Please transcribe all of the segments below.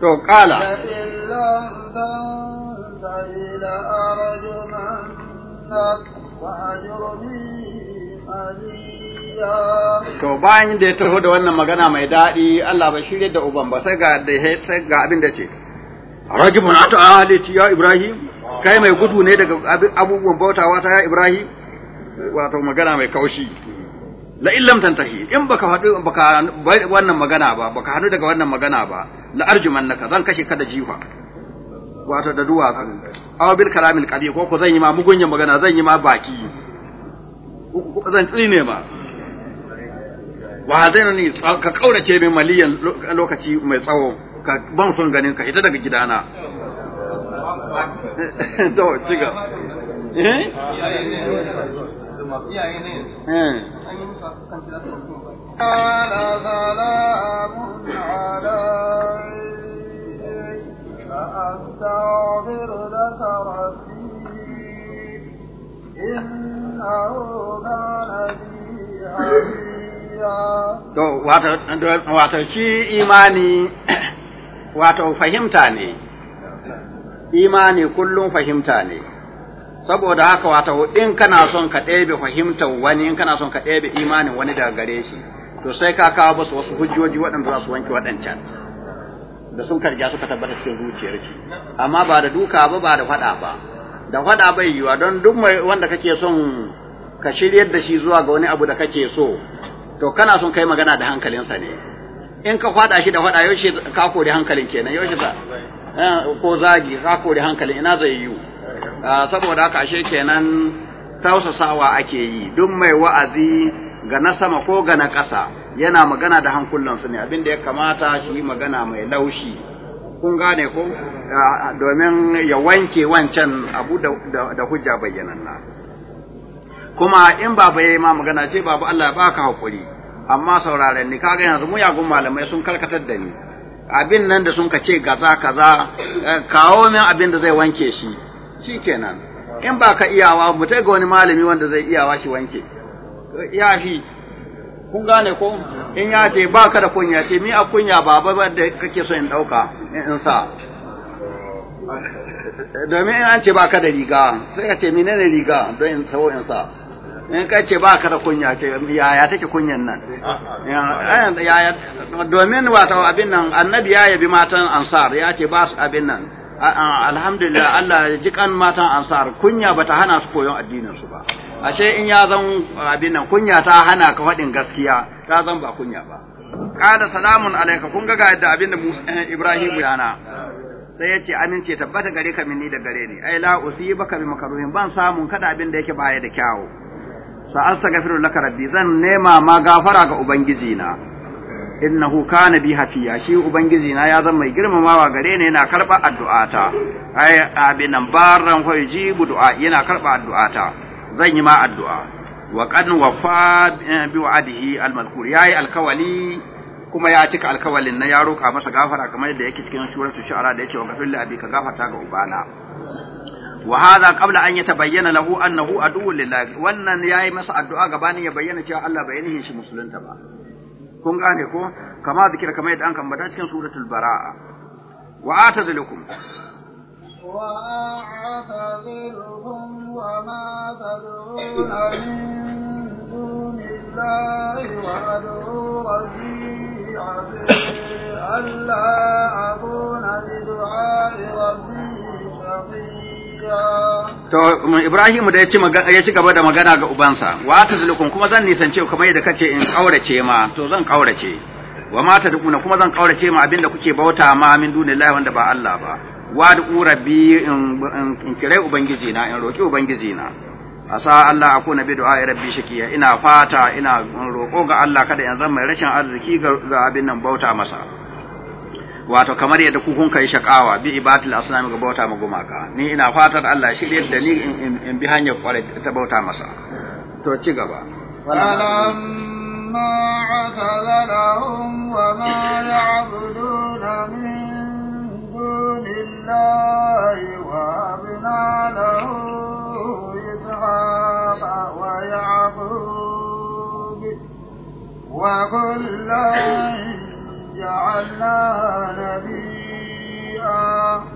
to kala To bayan da ya taho da wannan magana mai daɗi Allah ba shirye da uban ba sai ga da sai ga abin da ce Rajibun ata ahliti ya Ibrahim kai mai gudu ne daga abubuwan bautawa ta ya Ibrahim wato magana mai kaushi la illam tantahi in baka hadu baka wannan magana ba baka hadu daga wannan magana ba naka zan kashe ka da jifa wato da duwatsu aw bil kalamil qadi ko ko zan yi ma mugunya magana zan yi ma baki ko zan tsine ma wa hadaina ni ka kaurace min maliyan lokaci mai tsawo ka ban son ganin ka ita daga gidana to tiga eh iyaye ne eh an yi musu قال سلام عليك To, wato shi imani, wato fahimta ne, imani kullum fahimta ne, saboda haka wato in kana son ka ɗebe fahimtar wani, in kana son ka ɗebe imanin wani daga gare shi, to sai ka kawo musu wasu hujjoji waɗanda za su wanke waɗancan da sun karja suka tabbata cikin zuciyarki amma ba da duka ba ba da faɗa ba da faɗa bai yiwa don duk mai wanda kake son ka shiryar da shi zuwa ga wani abu da kake so to kana son kai magana da hankalinsa ne in ka faɗa shi da faɗa yaushe ka kori hankalin kenan yaushe ba eh, ko zagi ka kori hankalin ina zai yiwu ah, saboda haka ashe kenan tausasawa ake yi duk mai wa'azi ga na sama ko ga na ƙasa yana magana da hankulansu ne abinda ya kamata shi magana mai laushi kun gane ko domin ya wanke wancan abu da hujja bayyananna kuma in ba bai ma magana ce babu Allah ya baka hakuri amma sauraren ni kaga yanzu mu yagun malamai sun karkatar da ni abin nan da sun ka ce gaza kaza eh, kawo min abin da zai wanke shi shikenan in baka ka iyawa mu ga wani malami wanda zai iyawa shi wanke ya fi kun gane ko in ya ce ba ka da kunya ce mi a kunya ba ba da kake so in ɗauka in sa domin in an ce ba ka da riga sai ka ce menene riga don in sawo in sa in ka ce ba ka da kunya ce yaya take kunyan nan ah, ah. domin wato abin nan annabi ya yabi matan ansar ya ce ba su abin nan alhamdulillah Allah ya ji kan matan ansar kunya bata hana su koyon addinin su ba ashe in ya zan abin nan kunya ta hana ka faɗin gaskiya ta zan ba kunya ba qala salamun alayka kun ga yadda abin da eh, Ibrahim ya na. sai yace amince tabbata gare ka minni da gare ni ai la usibaka bi makaruhin ban samun kada abin da yake baya da kyawu sa astaghfiru laka rabbi zan nema ma gafara ga ubangiji na innahu kana bi hafiya shi ubangiji na ya zan mai girmamawa gare ni yana karba addu'ata ai abin nan barran fa yujibu du'a yana karba addu'ata zan yi ma addu'a wa qad wafa eh, bi wa'dihi al ya yi alkawali kuma ya cika alkawalin na yaro, k'a masa gafara kamar yadda yake cikin suratul shu'ara da yake wa gafil li ka gafarta ga ubana wa hadha qabla an yatabayyana lahu annahu aduwwun lillahi wannan yayi masa addu'a gabanin ya bayyana cewa Allah bai nihin shi musulunta ba kun gane ko kama zikira kamar yadda an kambata cikin suratul bara'a wa atazilukum وأعتذرهم وما تدعون من دون الله وأدعو ربي ألا أكون بدعاء ربي To Ibrahim da ya ci gaba da magana ga ubansa, wa ta zulukun kuma zan nisance kuma yadda kace in kaurace ma, to zan kaurace, wa mata dukuna kuma zan kaurace ma abinda kuke bauta ma min dunillahi wanda ba Allah ba. wa rabbi in kire ubangiji na in roki ubangiji na asa Allah aku nabi du'a rabbi shakiya ina fata ina roko ga Allah kada in zama rashin arziki ga abin nan bauta masa wato kamar yadda ku kun kai shakawa bi ibadil asnam ga bauta ma gumaka ni ina fatar Allah shi da ni in bi hanyar kware ta bauta masa to ci gaba فلما لهم وما يعبدون من دون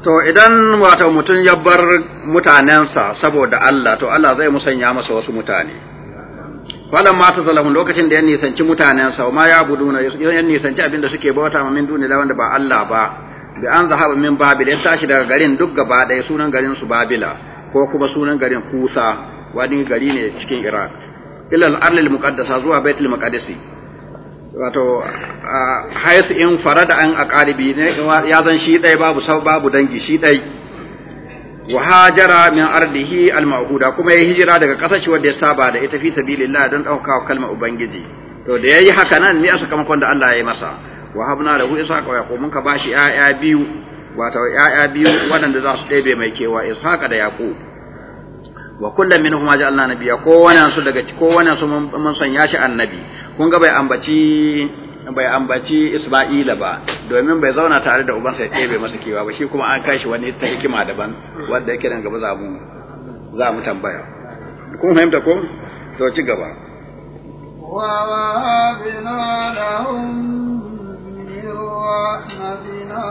To idan wato mutum ya bar mutanensa saboda Allah, to Allah zai musanya masa wasu mutane. falan masu zalamu lokacin da ya nisanci mutanensa ma ya na, ya nisanci abinda suke bauta ma min duni wanda ba Allah ba bi an zahaba min babil ya tashi daga garin duk gaba daya sunan garin su babila ko kuma sunan garin kusa wani gari ne cikin iraq ilal al muqaddasa zuwa baitul muqaddas wato hayas in farada an aqalibi ne ya zan shi dai babu sab babu dangi shi dai wa hajara min ardihi al ma'huda kuma ya hijira daga kasar shi wanda ya saba da ita fi sabilillah don dauka kalmar ubangiji to da yayi haka nan ne a sakamakon da Allah ya yi masa wa habna lahu ishaqa wa yaqub mun bashi ƴaƴa biyu wato ƴaƴa biyu waɗanda za su ɗebe mai kewa ishaqa da yaqub wa kullum minhum ja'alna nabiyya kowannen su daga kowannen su mun sanya shi annabi kun ga bai ambaci bai ambaci Isma'ila ba domin bai zauna tare da ubansa ya ɗebe masa kewa ba shi kuma an kai kashi wani ta hikima daban wanda yake nan gaba za mu za mu tambaya kun fahimta ko to ci gaba wa wa bina lahum من رحمتنا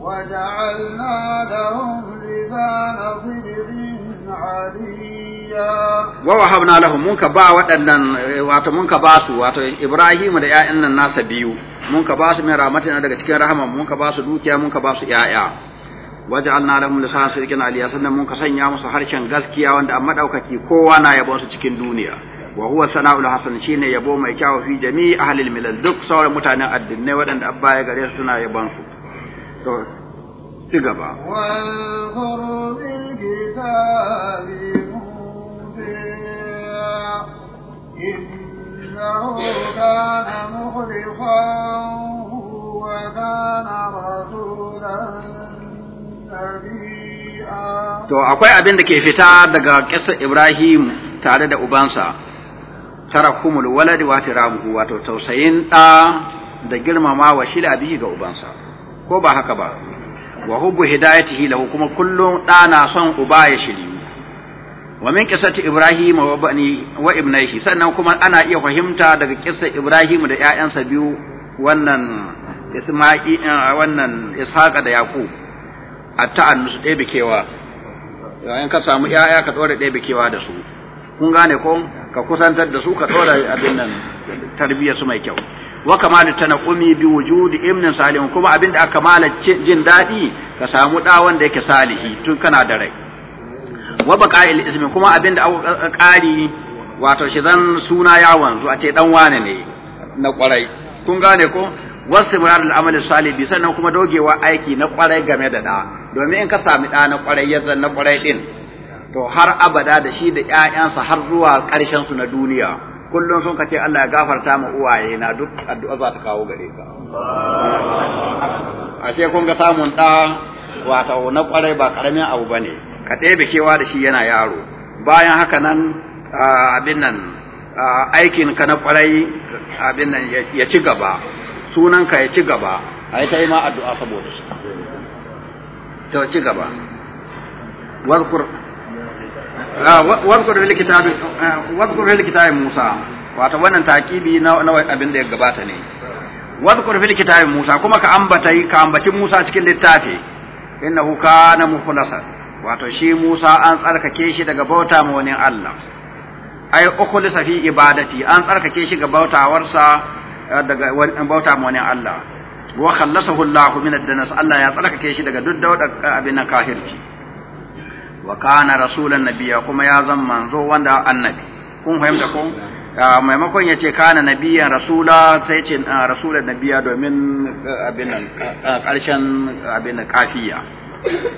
وجعلنا لهم لسان صدق عليا ووهبنا لهم mun ka ba waɗannan wato mun ka ba su wato Ibrahim da ƴaƴan nan nasa biyu mun ka ba su mai rahmatin daga cikin rahama mun ka ba su dukiya mun ka ba su ƴaƴa waj'alna lahum lisanan sidqin aliya sannan mun ka sanya musu harshen gaskiya wanda amma daukaki kowa na yabon su cikin duniya wa huwa sana'ul hasan shine yabo mai kyau fi jami'i ahlil milal duk sauran mutanen addinai waɗanda abba ya gare suna yabon su to ci To akwai abin da ke fita daga ƙasar Ibrahim tare da ubansa tarahumul walad wa tirabuhu wato tausayin da da girmama wa shi da ga ubansa ko ba haka ba wa hubbu hidayatihi lahu kuma kullum da na son uba ya shiri wa min qissati ibrahim wa bani wa ibnaihi sannan kuma ana iya fahimta daga qissar ibrahim da ƴaƴansa biyu wannan isma'i eh, wannan ishaqa da yaqub at-ta'annus ɗaya bikewa yayin ka samu ƴaƴa ka dore ɗaya bikewa da su kun gane ko ka kusantar da su ka dora abin nan tarbiyyar su mai kyau wa kamalu tanqumi bi wujudi ibnin salih kuma abin da aka mala jin dadi ka samu da wanda yake salihi tun kana da rai wa baqa'il ismi kuma abin da aka kari wato shi zan suna ya wanzu a ce dan wane ne na kwarai kun gane ko wasu murar al'amalin salibi sannan kuma dogewa aiki na kwarai game da da domin in ka sami da na kwarai yadda na kwarai din to har abada da shi da ƴaƴansa har zuwa ƙarshen su na duniya kullum sun kace Allah ya gafarta mu uwaye na duk addu'a za ta kawo gare ka ashe kun ga samun ɗa wato na kwarai ba karamin abu bane ka ɗebe kewa da shi yana yaro bayan haka nan abin nan aikin ka na kwarai abin nan ya ci gaba sunan ka ya ci gaba a yi ta yi ma addu'a saboda shi to ci gaba واذكر في الكتاب واذكر في الكتاب موسى wato wannan takibi na abin da ya gabata ne wadkur fil kitab Musa kuma ka ambata ka ambaci Musa cikin littafi innahu kana mukhlasan wato shi Musa an tsarkake shi daga bauta ma wani Allah ai ukhlisa fi ibadati an tsarkake shi ga bautawarsa eh, daga wani bauta ma wani Allah wa khallasahu Allah min ad dunas Allah ya tsarkake shi daga duk dauda eh, abin kafirci wa kana rasulan nabiyya kuma ya zan manzo wanda annabi kun fahimta ko ah, maimakon ya ce kana nabiyyan rasula sai ce ah, rasulan nabiyya domin ah, abin karshen abin kafiya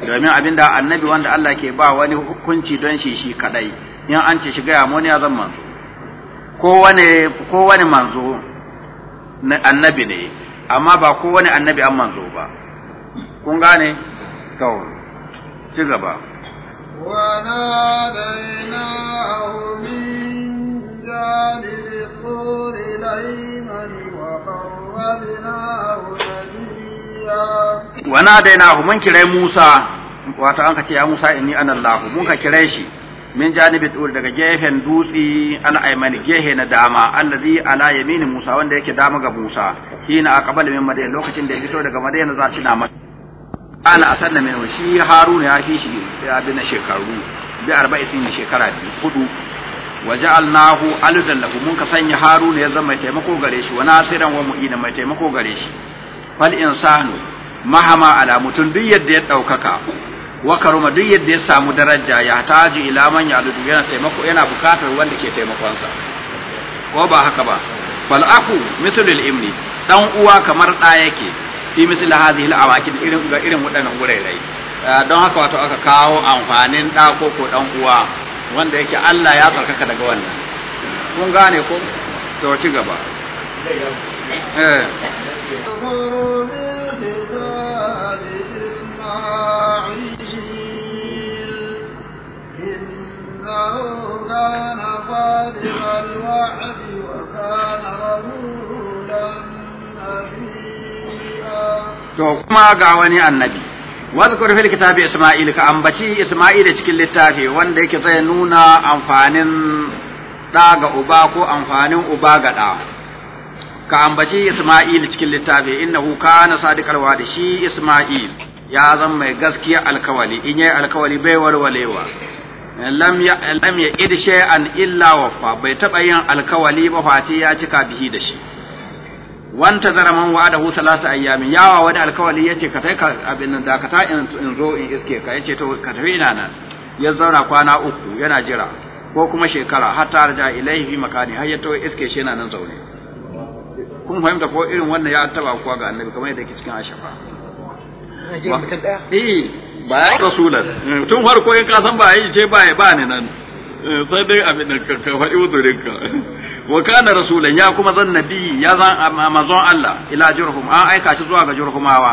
domin abin da annabi wanda Allah ke ba wani hukunci don shi shi kadai in an ce shiga yamo ne ya zan manzo ko kowane manzo annabi ne amma ba kowane annabi an manzo ba kun gane to ci gaba wana من جانب الطور musa? وقربناه نجيا wato an ka ce ya Musa inni ana Allah mun ka kirai shi min janibi dur daga gefen dutsi ana aimani gehe na dama allazi ala yamini Musa wanda yake dama ga Musa hina aqbala min madina lokacin da ya fito daga madina za shi na sannan asanna minhu shi haruna ya fi shi bi na shekaru bi arba'i sin shekara biyu hudu waje ja'alnahu aludan lahu mun ka sanya haruna ya zama taimako gare shi wa nasiran wa mu'ina mai taimako gare shi fal insanu mahama ala mutun duk yadda ya ɗaukaka wa karuma duk yadda ya samu daraja ya taji ila man ya yana taimako yana bukatar wanda ke taimakon sa ko ba haka ba fal aku mithlul imni dan uwa kamar da yake fi misli hadhihi al-awakid irin ga irin wadannan gurairai ah, don haka wato aka kawo amfanin da ko ko dan uwa wanda yake Allah ya tsarkaka daga wannan kun gane ko to ci gaba eh وكان رسولا نبيا to kuma ga wani annabi wadhkur fil kitabi isma'il ka ambaci isma'il cikin littafi wanda yake zai nuna amfanin da ga uba ko amfanin uba ga da ka ambaci isma'il cikin littafi innahu kana sadiqal da shi isma'il ya zan mai gaskiya alkawali in yayi alkawali bai warwalewa. lam ya lam ya illa wafa bai taba yin alkawali ba face ya cika bihi da shi wanta zara man wa'adahu salasa ayyamin yawa wani alkawali yace ka tai ka abin nan ta in zo in iske ka yace to ka tafi ina nan ya zauna kwana uku yana jira ko kuma shekara har ta raja ilaihi fi makani har ya to iske shi yana nan zaune kun fahimta ko irin wannan ya taba kuwa ga annabi kamar yadda yake cikin ashafa eh ba ya rasulan eh, tun farko in ka san ba yi ce ba ba ni nan eh, sai dai abin da ka faɗi uzurinka wa kana rasulan ya kuma zan nabi ya zan amazon Allah ila jurhum an aika shi zuwa ga jurhumawa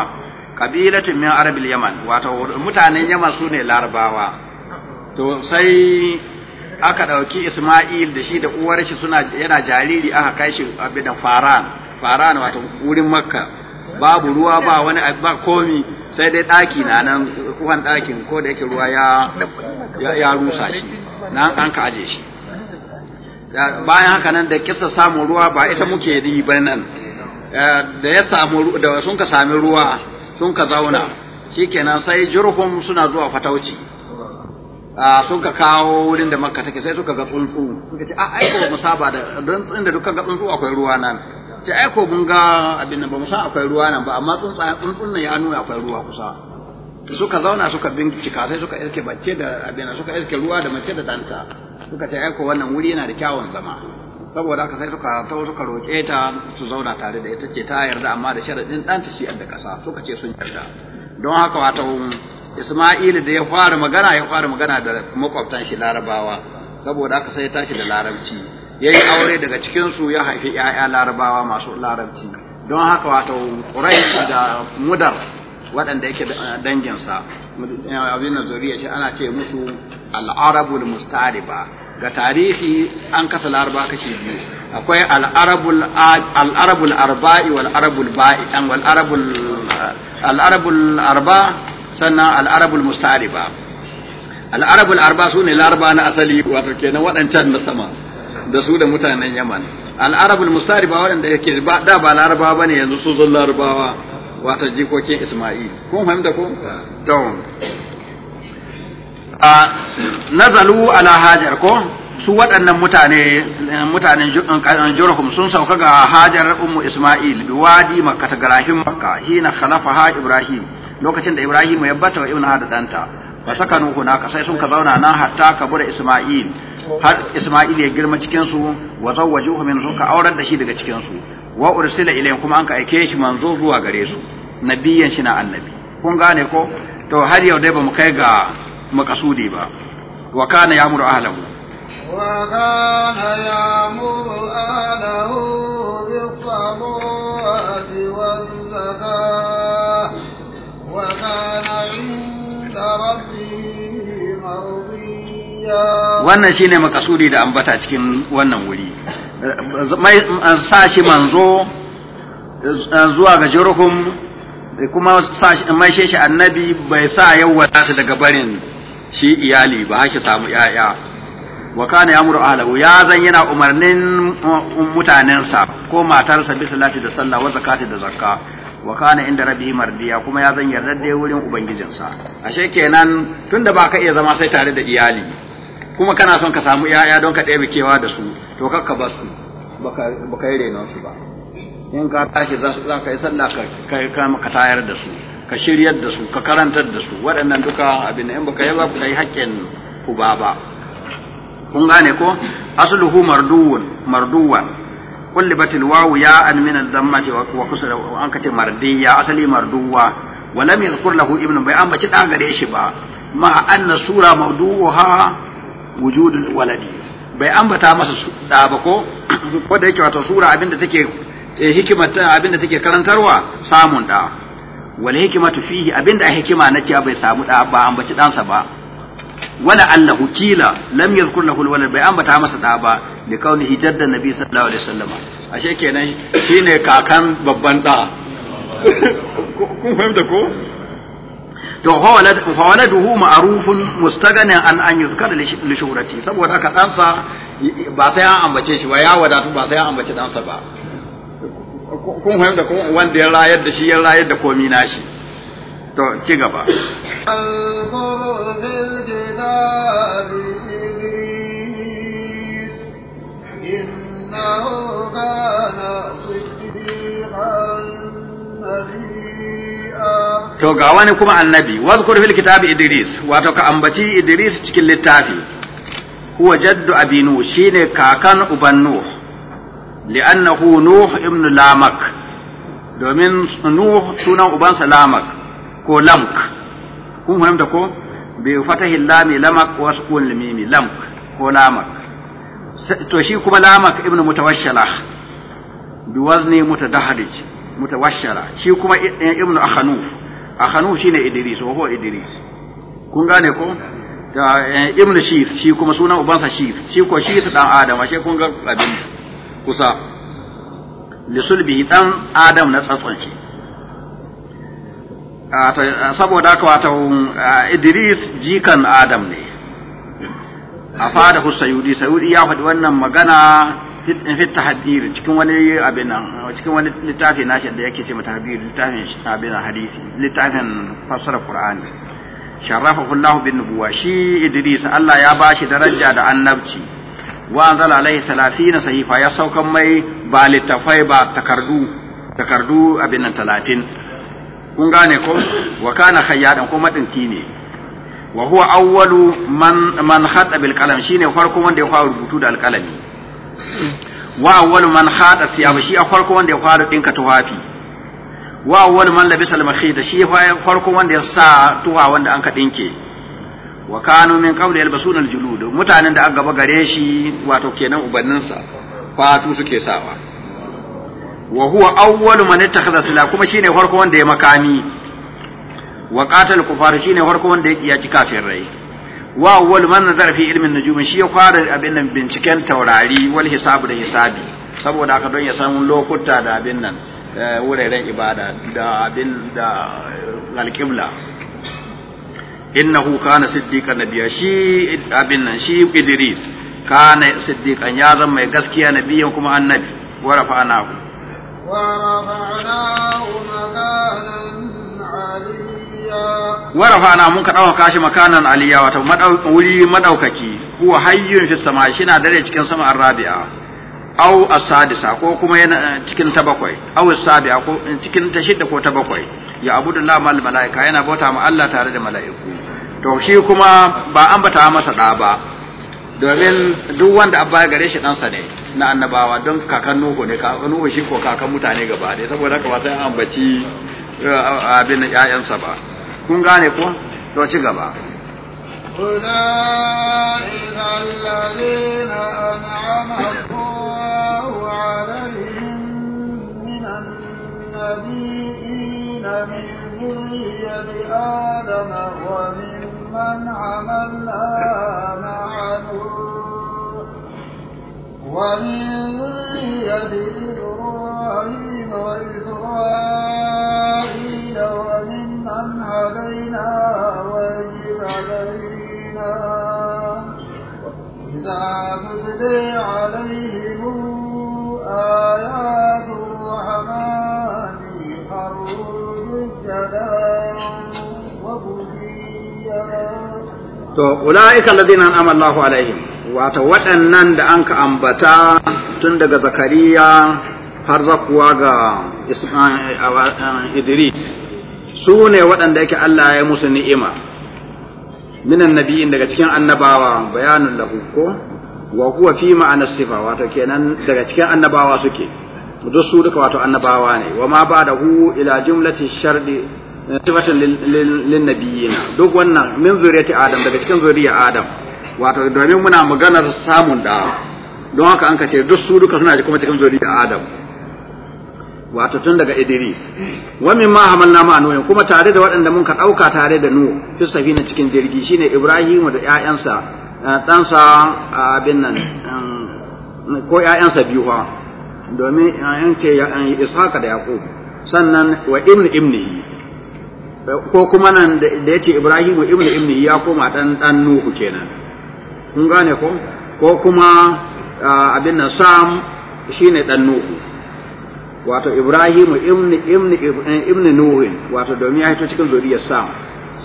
kabilatin min arabil yaman wato mutanen yaman su ne larabawa to sai aka dauki isma'il da shi da uwar shi suna yana jariri aka kai shi bidan faran faran wato wurin makka babu ruwa ba wani ba komi sai dai daki na nan kuhan dakin ko da yake ruwa ya ya rusa shi nan an ka aje shi bayan haka nan da kisa samun ruwa ba ita muke yi ba nan eh, da ya samu da sun ka sami ruwa sun ka zauna kenan sai jurhum suna zuwa fatauci ah, sun ka kawo wurin da makka take sai suka ga tsuntsu suka ce a ah, aiko mu saba da don inda duka ga tsuntsu akwai ruwa nan ce aiko mun ga abin nan ba mu san akwai ruwa nan ba amma tsuntsayen tsuntsun nan ya nuna akwai ruwa kusa suka zauna suka bincika sai suka iske bacce da abin suka iske ruwa da mace da danta suka ce aiko wannan wuri yana da kyawun zama saboda haka sai suka tawo suka roƙe ta su zauna tare da ita ce ta yarda amma da sharaɗin ɗanta shi da ƙasa suka ce sun yarda don haka wato Isma'ilu da ya fara magana ya fara magana da makwabtan shi Larabawa saboda haka sai ya tashi da Larabci yayi aure daga cikin su ya haifi ‘ya'ya Larabawa masu Larabci don haka wato Quraish da Mudar waɗanda yake eh, danginsa abin da zuriya shi ana ce musu al'arabul mustariba ga tarihi an kasa laraba kashi biyu akwai al'arabul al'arabul arba'i wal arabul ba'i dan wal arabul eh, al'arabul arba sannan al'arabul mustariba al'arabul arba su ne laraba na asali wato kenan waɗancan na sama da su da mutanen yaman al'arabul mustariba waɗanda yake da ba laraba bane yanzu su zan larabawa wata jikokin Isma'il kun fahimta ko to a nazalu ala hajar ko su waɗannan mutane mutanen eh, jurhum sun sauka ga hajar ummu Isma'il bi wadi makka ta garahim makka hina ha Ibrahim lokacin da Ibrahim ya bata wa ibnu da danta fa sakanu ka sai sun ka zauna nan hatta ka bude Isma'il har Isma'il ya girma cikin su wa zawwajuhu min ka aurar da shi daga cikinsu. wa ursila ilayhim kuma an ka aike shi manzo zuwa gare su nabiyan shi na annabi kun gane ko to har yau dai bamu kai ga makasudi ba wa kana ya'muru ahlahu wa kana ya'muru ahlahu bi salati wa zakati wa kana 'inda rabbihi mardiya wannan shine makasudi da ambata cikin wannan wuri sa shi manzo zuwa ga jirhum kuma maishe shi annabi bai sa yawa shi daga barin shi iyali ba shi samu ‘ya'ya wa kana ya muru ahlahu ya zan yana umarnin mutanensa ko matarsa bi salati da sallah wa zakati da zakka wa kana inda rabbi mardiya kuma ya zan yarda da wurin ubangijinsa ashe kenan tunda ba ka iya zama sai tare da iyali kuma kana son ka samu yaya don ka ɗebe kewa da su to kakka ba su ka yi rena su ba in ka tashi za ka yi sallah ka kama ka tayar da su ka shiryar da su ka karantar da su waɗannan duka abin in baka yi ba ka yi haƙƙin ku ba kun gane ko asluhu marduwan marduwan kullibatil wawu ya an min al-dhammati wa kusra an kace mardiya asali marduwa ولم يذكر له ابن بيان بچ دا gare shi ba ma anna sura mawdu'uha wujudul waladi bai ambata masa da ba ko ko da yake wato sura abinda take eh, hikimata abinda take karantarwa samun da wala hikimatu fihi abinda a hikima na cewa bai samu da ba ambaci sa ba wala allahu kila lam yadhkur lahu alwalad bai ambata masa da ba li kaunihi jaddan nabi sallallahu alaihi wasallam ashe kenan shine kakan babban da kun fahimta ko to duhu ma'rufun mustaghanin an an yuzkar li shuhrati saboda haka ɗansa ba sai an ambace shi ba ya wadatu ba sai an ambace ɗansa ba kun fahimta ko wanda ya rayar da shi ya rayar da komi shi to ci gaba إنه كان صديقا نبيا to ga wani kuma annabi wadhkur fil kitabi idris wato ka ambaci idris cikin littafi huwa jaddu abinu shine kakan uban nuh li'annahu nuh ibn lamak domin nuh sunan sa lamak ko lamk kun fahimta ko bi fatahi lami lamak wa sukun limimi lamk ko lamak to shi kuma lamak ibn mutawashshala bi wazni mutadahhij mutawashshala shi kuma eh, ibn akhanuf a hannu ne idris wa huwa idris kun gane ko eh, ibn shif shi kuma sunan ubansa shif shi ko shif dan adam ashe kun ga abin kusa sulbi dan adam na tsatson shi saboda haka wato idris jikan adam ne a fada hussayudi sayudi ya faɗi wannan magana fi tahdir cikin wani abin nan cikin wani littafi nashi da yake ce mata tahdhir littafin abin hadisi littafin fasara qur'ani sharafahu Allah bin nubuwa shi Idris Allah ya bashi daraja da annabci wa anzala alaihi 30 sahifa ya saukan mai ba littafai ba takardu takardu abin nan 30 kun gane ko wa kana khayyadan kuma dinki ne wa huwa awwalu man man khata bil qalam shine farko wanda ya fara rubutu da alqalami wa awwal man khada fi shi a farko wanda ya fara dinka tufafi wa awwal man labisa al makhida shi farko wanda ya sa tuwa wanda an ka dinke wa kanu min qawli yalbasuna al-julud mutanen da aka gaba gare shi wato kenan ubannin sa fatu suke sawa wa huwa awwal man ittakhadha sila kuma shine farko wanda ya makami wa qatal kufar shine farko wanda ya kiyaci kafirai wa awwal man nazara fi ilmin nujum shi ya fara abin nan binciken taurari wal hisabu da hisabi saboda haka don ya san lokuta da abin nan eh, wuraren ibada da abin da eh, alqibla innahu kana siddiqan nabiyya shi abin nan shi idris kana siddiqan ya zama mai gaskiya nabiyan kuma annabi wa rafa'nahu wa rafa'nahu makanan warafana mun ka ɗauka shi makanan aliya wato wuri madaukaki huwa hayyun fi sama shina dare cikin sama arabi'a au as-sadisa ko kuma yana eh, cikin ta bakwai aw as-sabi'a ko eh, cikin ta ko ta bakwai ya abudullah mal malaika yana bauta ma Allah tare da mala'iku to shi kuma ba ambata masa da ba domin duk wanda abba gare shi dansa ne na annabawa don kakan nuhu ne kakan nuhu shi ko kakan mutane gaba ne saboda haka ba sai an ambaci eh, abin ƴaƴansa ba kun gane ko to ci gaba أولئك الذين أنعم الله عليهم من النبيين من ذرية آدم وممن عملنا مع نوح ومن ذرية إبراهيم وإسرائيل علينا ويجب علينا إذا تتلي عليهم آيات الرحمن وبكيا To, ula'ika amallahu alaihim, wata waɗannan da an ka ambata tun daga Zakariya har zakuwa ga Idris su ne waɗanda yake Allah ya musu ni'ima minan nabiyin daga cikin annabawa bayanun lahu ko wa huwa fi ma'ana sifa wato kenan daga cikin annabawa suke duk su duka wato annabawa ne wa ma ba da hu ila jumlati shardi sifatan lin nabiyin duk wannan min zuriyati adam daga cikin zuriyar adam wato domin muna maganar samun da don haka an ka ce duk su duka suna kuma cikin zuriyar adam wato tun daga Idris wa ma hamalna ma nuhin kuma tare da waɗanda mun ka ɗauka tare da Nuhu fi safina cikin jirgi shine Ibrahim da ƴaƴansa eh, sa abin nan ko ƴaƴansa biyu ha domin ƴaƴan eh, ce Ishaqa da Yaqub sannan wa ibn ibnihi ko kuma nan da yace Ibrahim wa ibn ibnihi ya koma dan dan ku kenan kun gane ko ko kuma eh, abin nan Sam shine dan Nuhu wato Ibrahim ibn ibn ibn Nuh wato domin ya hito cikin zuriyar Sam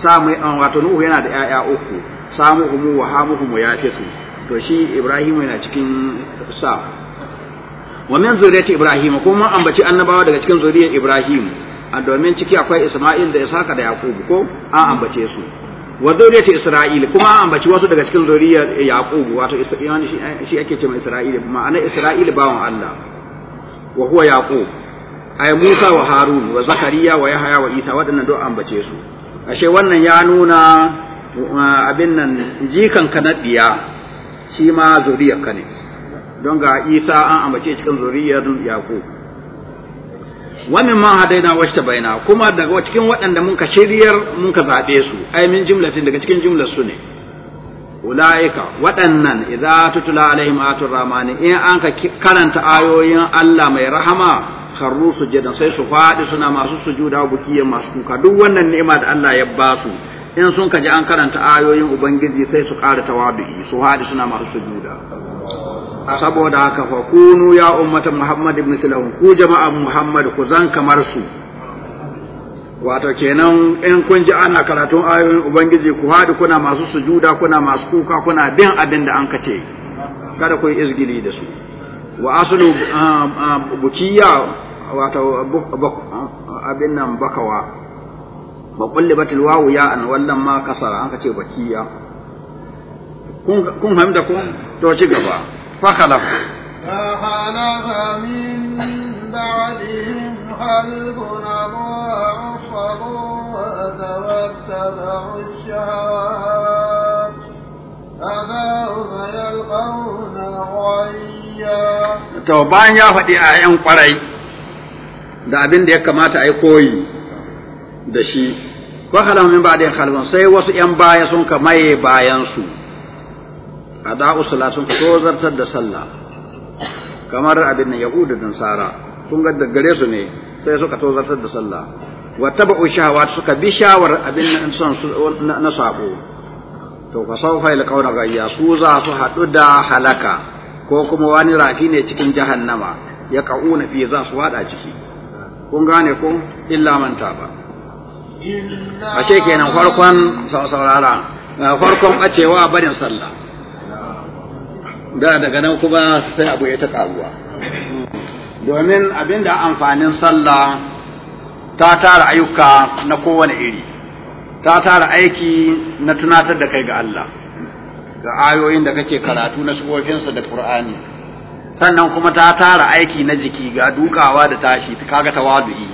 Sam wato Nuh yana da 'ya'ya uku Samu umu wa umu ya su to shi Ibrahim yana cikin Sam wa min zuriyati Ibrahim kuma ambaci annabawa daga cikin zuriyar Ibrahim a domin ciki akwai Isma'il da Isaka da Yaqub ko an ambace su wa zuriyati Isra'il kuma an ambaci wasu daga cikin zuriyar Yaqub wato shi ake cewa Isra'il ma'ana Isra'il bawon Allah wa huwa yaqub ay musa wa harun wa zakariya wa yahya wa isa waɗannan duk bace su ashe wannan ya nuna uh, abin nan jikan ka na shi ma zuriyar ka ne don ga isa an ambace cikin zuriyar yaqub Wannan ma hadaina washta baina kuma daga cikin waɗanda mun ka shiryar mun ka zabe su ai min jumlatin daga cikin jumlar su ne ula'ika waɗannan idza tutula alaihim atur ramani in an ka karanta ayoyin Allah mai rahama karru sujudan sai su faɗi suna masu sujuda bukiyan masu kuka duk wannan ni'ima da Allah ya ba su in sun ka ji an karanta ayoyin ubangiji sai su ƙara tawadu'i su faɗi suna masu sujuda saboda haka fa kunu ya ummatan muhammad ibn ku jama'a muhammad ku zan kamar su wato kenan in kun ji ana karatun ayoyin ubangiji ku hadu kuna masu sujuda kuna masu kuka kuna bin abin da an kace kada ku yi izgili da su wa aslu um, um, bukiya wato abin nan bakawa ba kulli batil wawu ya an wallan ma kasara an kace bakiya kun kun hamda kun to ci gaba fa khalaf fa khalafa min ba'dihim khalqun كفروا واتبعوا to bayan ya faɗi a ‘yan ƙwarai da abin da ya kamata a yi koyi da shi, kwakwalan min ba da yin halban sai wasu ‘yan baya sun ka maye bayansu, a da'usula sun ka tozartar da sallah, kamar abin da Yahudu da Nasara, sun ga daggare su ne sai suka tozartar da sallah. wa tabu shahawat suka bi shawar abin na sabo to fa sawfa ila qawla gayya su za su hadu da halaka ko kuma wani rafi ne cikin jahannama ya kauna fi za su wada ciki kun gane ko illa man taba ce kenan farkon saurara farkon bacewa barin sallah da daga nan kuma sai abu ya ta karuwa domin abinda amfanin sallah ta tara ayyuka na kowane iri ta tara aiki na tunatar da kai ga Allah ga ayoyin da kake karatu na sufofinsa da Qur'ani sannan kuma ta tara aiki na jiki ga dukawa da tashi ta kaga tawadu'i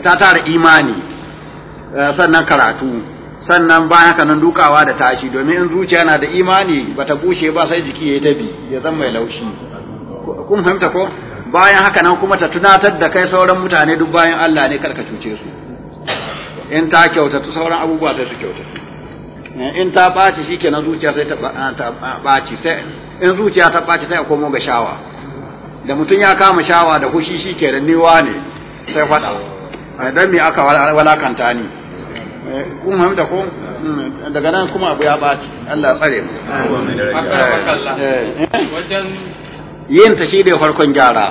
ta tara imani eh, sannan karatu sannan ba haka dukawa da tashi domin in zuciya na da imani bata bushe ba sai jiki ya tabi ya zama mai laushi kun fahimta ko bayan haka nan kuma ta tunatar da kai sauran mutane duk bayan Allah ne karka cuce su in ta kyautatu sauran abubuwa sai su kyautatu in ta baci shi kenan zuciya sai ta baci ah, sai in zuciya ta baci sai a komo ga shawa da mutum ya kama shawa da hushi shi kenan niwa ne sai faɗa eh, don me aka walakanta ni eh, kun da ko hmm, daga nan kuma abu ya baci Allah tsare mu eh, wajen yin ta shi da farkon gyara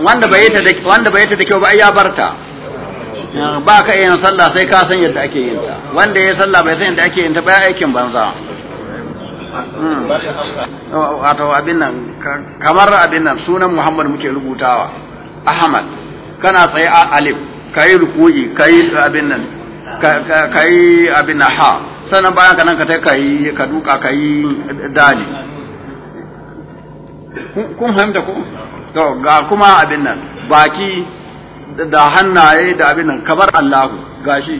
wanda bai ta ta da kyau ba ya barta ba ka yin sallah sai ka san yadda ake yin ta wanda ya sallah bai san yadda ake yin ta ba aikin banza hmm. wato abin nan kamar abin nan sunan Muhammad muke rubutawa Ahmad kana tsaye a alif yi rukuyi yi abin nan yi abin ha sannan bayan kanan ka ta kai ka duka ka yi dali kun fahimta ko to ga kuma abin nan baki da hannaye da abin nan kabar Allahu gashi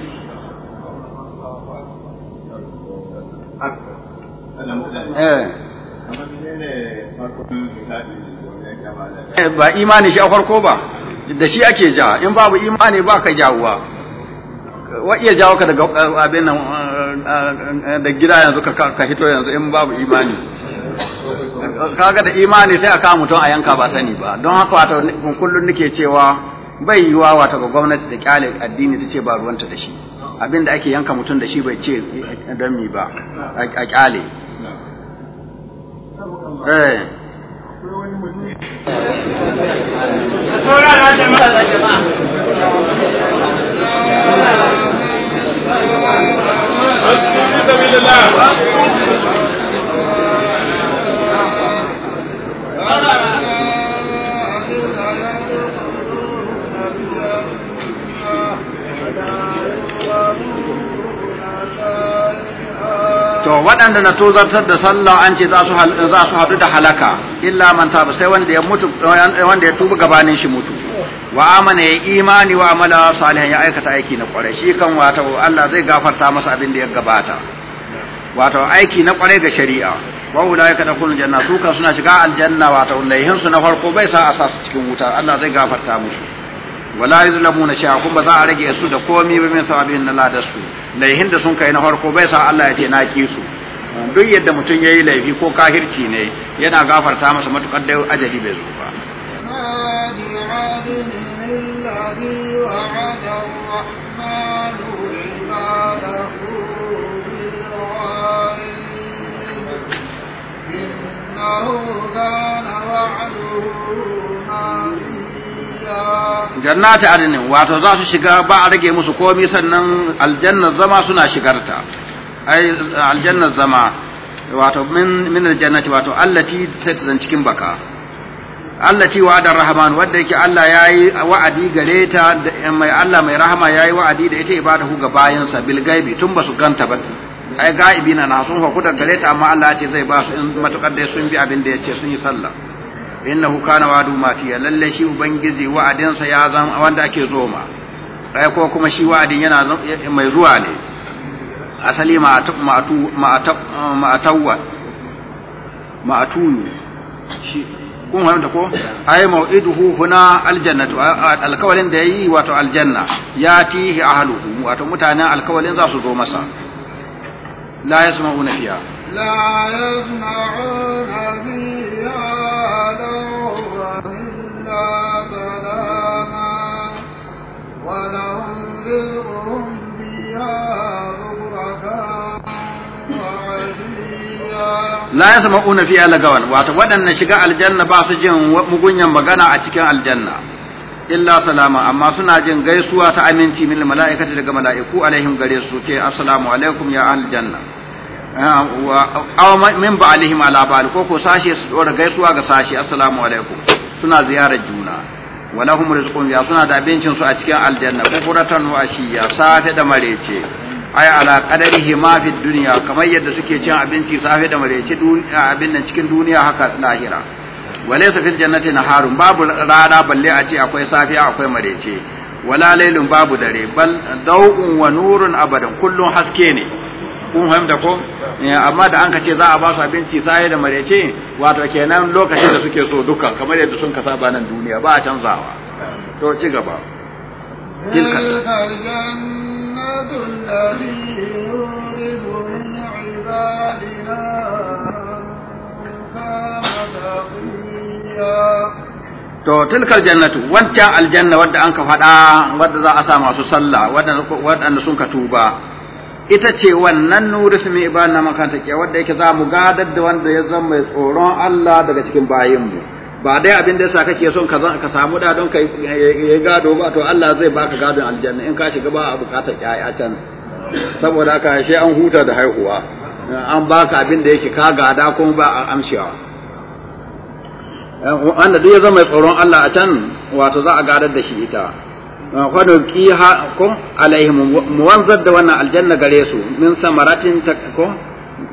eh. eh ba imani shi a farko ba da shi ake ja in babu imani ba ka jawuwa wa iya jawo ka daga eh, abin nan da gida yanzu ka hito yanzu in babu imani kaga da imani sai a kawo mutum a yanka ba sani ba don haka wata kullum nake cewa bai wa wata ga gwamnati da kyale addini ta ce ba ruwanta da shi abinda ake yanka mutum da shi bai ce don mi ba a kyale Thank eh. you. في سبيل to waɗanda na tozartar da sallah an ce za su haɗu da halaka illa man tabu sai wanda ya tuba gabanin shi mutu wa amana ya imani wa amala salihan ya aikata aiki na kwarai shi kan wata Allah zai gafarta masa abin da ya gabata wata aiki na kwarai ga shari'a wa ulaika dakhulul janna su kan suna shiga aljanna wato laihin su na farko bai sa a sa su cikin wuta Allah zai gafarta musu wala na shay'a kuma za a rage su da komi ba min sababin na ladarsu laihin da sun kai na farko bai sa Allah ya ce na ki su duk yadda mutum yayi laifi ko kahirci ne yana gafarta masa matukar da ajali bai zo ba jannati adnin wato za su shiga ba a rage musu komi sannan aljanna zama suna shigarta ai aljanna zama wato min min aljannati wato allati zan cikin baka allati wa'ada rahman wanda yake Allah yayi wa'adi gare ta mai Allah mai rahama yayi wa'adi da ita ibadahu ga bayansa bil gaibi tun su ganta ba ai gaibi na sun hukuta gare ta amma Allah ya ce zai ba su in matukar dai sun bi abin da ya ce sun yi sallah innahu kana wa'du matiya lalle shi ubangiji wa'adinsa ya zama wanda ake zoma ai ko kuma shi wa'adin yana mai zuwa ne asali ma atu shi kun fahimta ko ai mau'iduhu huna aljannatu alkawalin da yayi wato aljanna yatihi ahluhu wato mutanen alkawalin za su zo masa la yasma'una fiha la yasma'una fiha la ya sama una fiya lagawan wato waɗannan shiga aljanna ba su jin mugunyan magana a cikin aljanna illa salama amma suna jin gaisuwa ta aminci min mala'ikati daga mala'iku alaihim gare su ke assalamu alaikum ya aljanna aw ah, min ba alaihim ala bal ko ko sashe su dora gaisuwa ga sashe assalamu alaikum suna ziyarar juna walahum rizqun ya suna da abincin su a cikin aljanna kufuratan wa ashiya safe da marece ay ala qadarihi ma fi dunya kamar yadda suke cin abinci safe da marece abin nan cikin duniya haka lahira walaysa fil jannati naharun babu rana balle a ce akwai safiya akwai marece wala laylun babu dare bal daw'un wa nurun abadan kullun haske ne kun fahimta ko eh, amma da an ka ce za a ba su abinci sai da marece wato kenan lokacin da suke so dukkan kamar yadda sun kasa ba nan duniya ba a canzawa to ci gaba to tilkal jannatu wancan aljanna wadda an ka faɗa wadda za a sa masu sallah wadda sun ka tuba ita ce wannan nuri su mai na makanta ke wadda yake za mu gadar da wanda ya zama mai tsoron Allah daga cikin bayinmu ba dai abin da yasa kake son ka samu da don ka yi gado ba to Allah zai baka gadon aljanna in ka shiga ba a bukatar ƴaƴa can saboda haka shi an huta da haihuwa an baka abin da yake ka gada kuma ba a amshewa eh, wanda duk ya zama mai tsoron Allah a can wato za a gadar da shi ita wadda ki ha ko alaihi muwanzar da wannan aljanna gare su min samaratin ta ko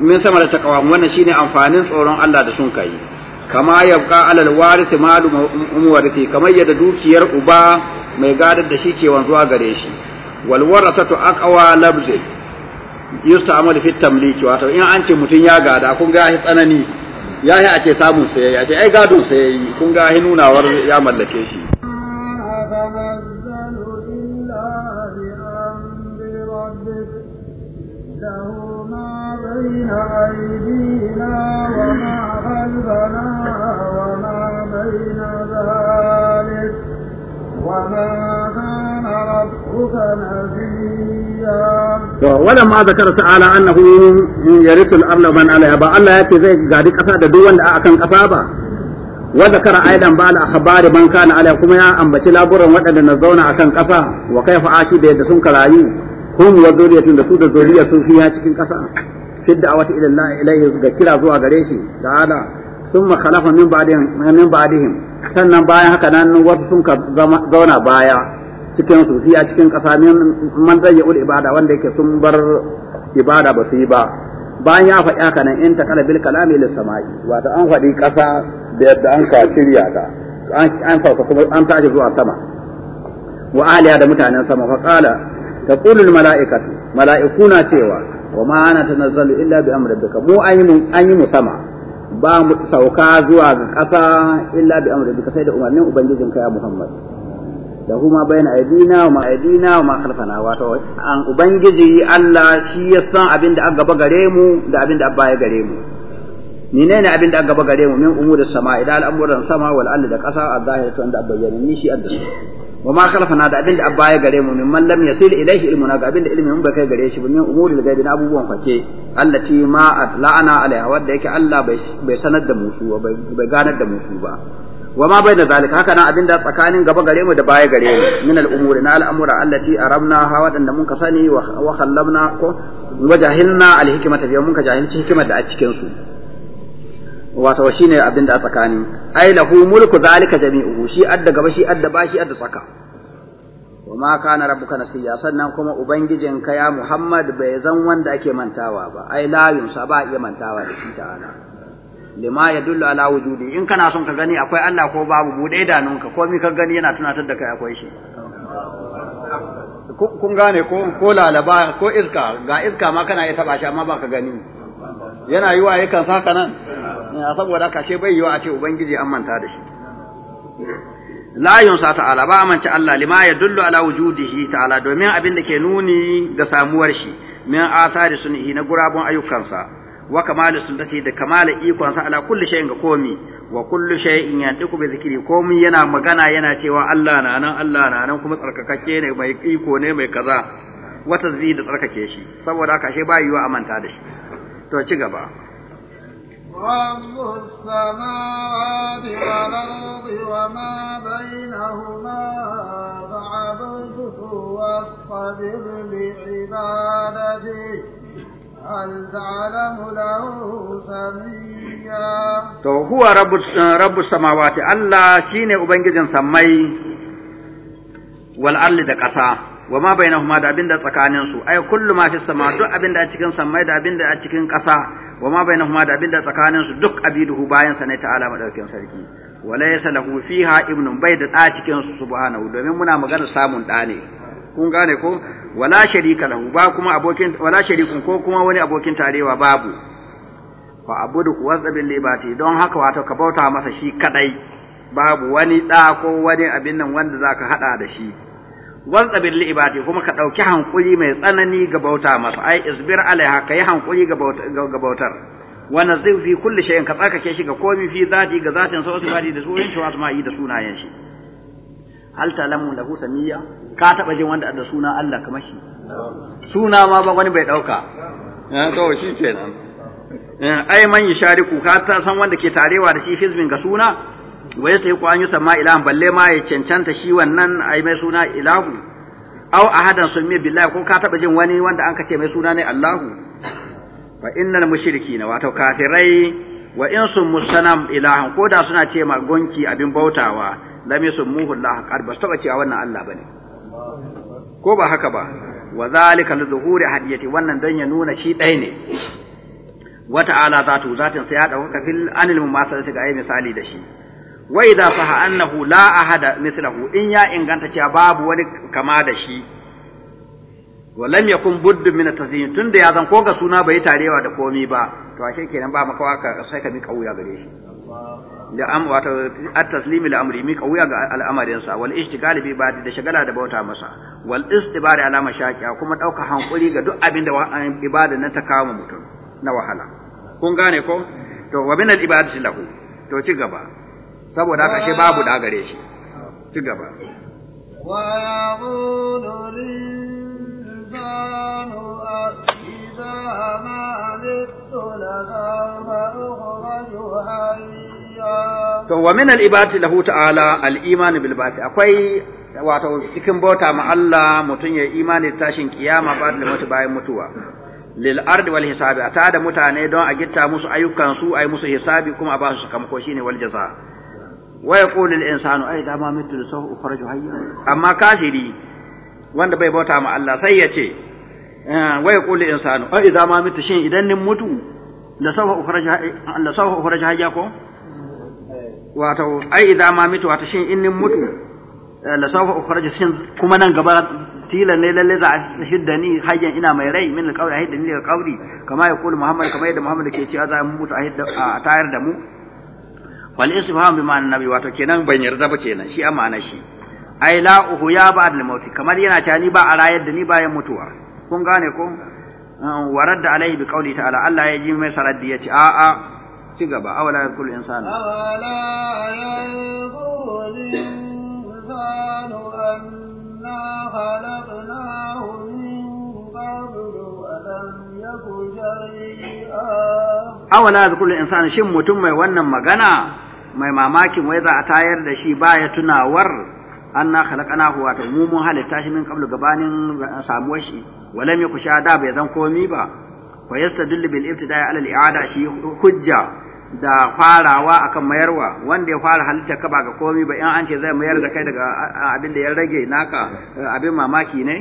min samara ta kawa wannan shine amfanin tsoron Allah da sun kai kama ka alal warith malu umwarithi kamar yadda dukiyar uba mai gadar da shi ke wanzuwa gare shi wal warathatu aqwa labzi yusta'malu fi tamliki wato in an ce mutun ya gada kun ga shi tsanani ya yi a ce samun sayayya ce ai gado sayayyi kun ga hinunawar ya mallake shi عنده ما بين أيدينا وما خلفنا وما بين ذلك وما ba Allah yake zai gadi kasa da duk wanda akan kasa ba wa zakara aidan ba al-akhbari man kana kuma ya ambaci laburan waɗanda na zauna akan kasa wa kaifa ashi da yadda sun karayu hum wa zuriyatun da su da zuriya sun fiya cikin ƙasa fi da'awati ila Allah ilayhi ga kira zuwa gare shi sun ma khalafa min ba'dihim min ba'dihim sannan bayan haka nan wasu sun ka zauna baya cikin su fiya cikin ƙasa min man zayyul ibada wanda yake sun bar ibada ba su yi ba bayan ya faɗi haka nan in kala bil kalami lis samai wato an faɗi ƙasa da yadda an ka shirya ta an an kuma an tashi zuwa sama wa aliya da mutanen sama fa qala taqulul mala'ikatu mala'iku na cewa wa ma ana tanazzalu illa bi amri rabbika mu an yi an sama ba mu sauka zuwa ga ƙasa illa bi amri rabbika sai da umarnin ubangijin ka ya Muhammad da kuma bayna aidina wa ma aidina wa ma khalfana wato ubangiji Allah shi ya san abin da an gaba gare mu da abin da baya gare mu menene abin da an gaba gare mu min umuris sama idan al'amuran sama wal da ƙasa a zahiri to da bayyana ni shi addasu wa ma na da abinda abba ya gare mu min man lam yasil ilaihi ilmuna ga abinda ilmin mun bai kai gare shi ba min umuril gaibi na abubuwan fake allati ma atla'ana alaiha wanda yake Allah bai sanar da mu su ba bai ganar da mu ba wa ma bai da zalika haka nan abinda tsakanin gaba gare mu da baya gare mu min al'umuri na al'amura allati aramna ha wadanda mun muka sani wa khallamna ko wajahilna al hikmata biya mun ka jahilci hikimar da a cikin su wato ne abin da a tsakani ai lahu mulku zalika jami'uhu shi adda gaba shi adda ba shi adda tsaka wa ma kana rabbuka nasiya sannan kuma ka ya Muhammad bai zan wanda ake mantawa ba ai la yunsa ba iya mantawa da shi ta'ala lima yadullu ala wujudi in kana son ka gani akwai Allah ko babu bude idanunka ko mi ka gani yana tunatar da kai akwai shi kun gane ko ko lalaba ko iska ga iska ma kana iya taba shi amma ba ka gani yana yiwa yakan saka nan saboda haka shi bai yiwa a ce ubangiji an manta da shi la yunsa ta'ala ba amince Allah lima ya dullu ala wujudihi ta'ala domin abin da ke nuni ga samuwar shi min athari sunhi na gurabun ayyukansa wa kamal sunnati da kamal ikonsa ala kulli shay'in ga komi wa kullu shay'in yantiqu bi zikri komi yana magana yana cewa Allah na nan Allah na nan kuma tsarkakakke ne mai iko ne mai kaza wata zai da tsarkake shi saboda haka shi ba yiwa amanta da shi to ci gaba رب السماوات والأرض وما بينهما فاعبده واصطبر لعبادته هل تعلم له سميا to huwa rabbus samawati Allah shine ubangijin sammai wal da ƙasa wa ma bainahuma da abinda tsakanin su ay kullu ma fi sama duk abinda a cikin samai da abinda a cikin ƙasa wa ma bainahuma da abinda tsakanin su duk abiduhu bayan sa ne ta'ala madaukakin sarki wa laysa lahu fiha ibnun bai da cikin su subhanahu domin muna magana samun da ne kun gane ko wala sharika lahu ba kuma abokin wala sharikun ko kuma wani abokin tarewa babu fa abudu wazabil libati don haka wato ka bauta masa shi kadai babu wani da ko wani abin nan wanda zaka hada da shi wanda li ibadi kuma ka dauki hankuri mai tsanani ga bauta masa ai isbir alaiha ka yi hankuri ga bautar wa nazif fi kulli shay'in ka tsakake shi ga komi fi zati ga zatin sa sifati da su, shi wasu ma'i da sunayen shi hal da lahu samiyya ka taba jin wanda da suna Allah kamar shi suna ma ba wani bai dauka eh, to shi kenan eh, ai man shariku, ka ta san wanda ke tarewa da shi hizbin ga suna wa ya sai an yi sama ilahan balle ma ya cancanta shi wannan a mai suna ilahu aw ahadan summi billahi ko ka taba jin wani wanda an kace mai suna ne Allahu fa innal na wato kafirai wa in sun musanam ilahan ko da suna ce ma gonki abin bautawa lam muhu Allah qad ba taba cewa wannan Allah bane ko ba haka ba wa zalika zuhuri hadiyati wannan dan ya nuna shi ɗaya ne wata ala zatu zatin sai ya dauka fil anil mumasalati ga ayi misali da shi wa idza fa annahu la ahada mithluhu in ya inganta cewa babu wani kama da shi wa lam yakun budd min tazin tunda ya zan ko ga suna bai tarewa da komi ba to ashe kenan ba maka waka sai ka bi kauya gare shi da am wa at-taslim li amri mi kauya ga al'amarin sa wal ishtigal bi ba da shagala da bauta masa wal istibar ala mashaqiya kuma dauka hankuri ga duk abin da ibada na ta kama mutum na wahala kun gane ko to wa min al-ibadati lahu to ci gaba saboda haka shi babu da gare shi ci gaba wa to wa min al-ibati lahu ta'ala al-iman bil ba'th akwai wato cikin bauta ma Allah mutun ya imani tashin kiyama ba da mutu bayan mutuwa lil ard wal hisabi ata da mutane don a gitta musu ayyukan su ay musu hisabi kuma a ba su kamko shine wal jaza wa yaqulu al-insanu ai da mitu da sahu ukhraju hayya amma kafiri wanda bai bauta ma Allah sai ya ce eh, wa yaqulu al-insanu ai da mitu shin idan nin mutu da sahu ukhraju Allah ko wato ai da mitu wato shin in nin mutu la sahu ukhraju shin kuma nan gaba tilan ne lalle za a hidda ni hayyan ina mai rai min al-qawli hidda ni daga qawli kama yaqulu muhammad kama yadda muhammad ke ce za mu mutu a hidda a tayar da mu wal istifham bi ma'anar nabi wato kenan ban yarda ba kenan shi amma na shi ai la ya ba'd al mauti kamar yana ta ni ba a rayar da ni bayan mutuwa kun gane ko warad da alaihi bi qawli ta'ala Allah ya ji mai saradi ya ce a a ci gaba awala yakul insanu awala yakul insanu anna khalaqnahu min qablu lam awala zikrul insani shin mutum mai wannan magana mai mamakin wai za a tayar da shi ba ya tunawar anna khalaqnahu huwa ta mun halitta shi min qablu gabanin samuwar shi walam sha da bai zan komi ba wa yastadillu bil ibtida'i ala al i'ada shi hujja da farawa akan mayarwa wanda ya fara halitta ka ba ga komi ba in an ce zai mayar da kai daga abin da ya rage naka abin mamaki ne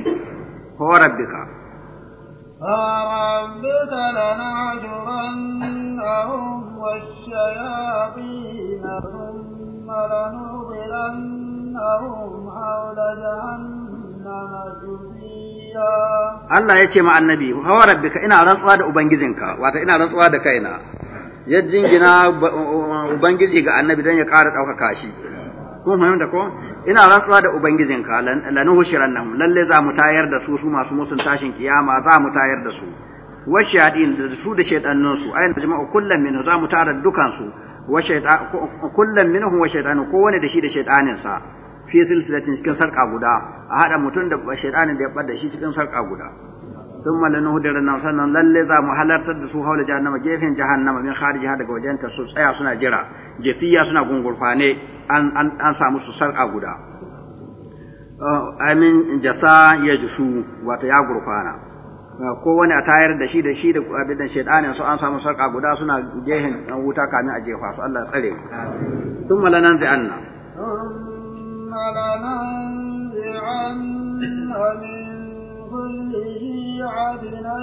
ko rabbika فوربك والشياطين ثم لنضلنهم حول جهنم Allah ya ce ma annabi hawa rabbika ina rantsuwa da ubangijinka wata ina rantsuwa da kaina ya jingina ubangiji ga annabi don ya ƙara ɗaukaka shi ko fahimta ko ina rantsuwa da ubangijinka lanuhshirannahum lalle za mu tayar da su su masu musun tashin kiyama za mu tayar da su wa shayadin da su da shaydanun su ayin jama'u kullum min za mu tayar dukan su wa shaytan kullum min wa shaytanu ko wani da shi da shaydanin sa fi silsilatin cikin sarka guda a hada mutum da shaydanin da ya bada shi cikin sarka guda Sun ثم sannan lalle za mu halartar da su haula jahannama gefen jahannama min kharijiha daga wajenta su tsaya suna jira jafiya suna gungurfane an an an samu su sarƙa guda uh, amin jasa ya jisu wato ya gurfana uh, ko wani a tayar da shi da shi da abin da shaidanin su an samu sarƙa guda suna gehen uh, wuta kamin a jefa su Allah tsare ثم لننزعن ثم لننزعن من كله da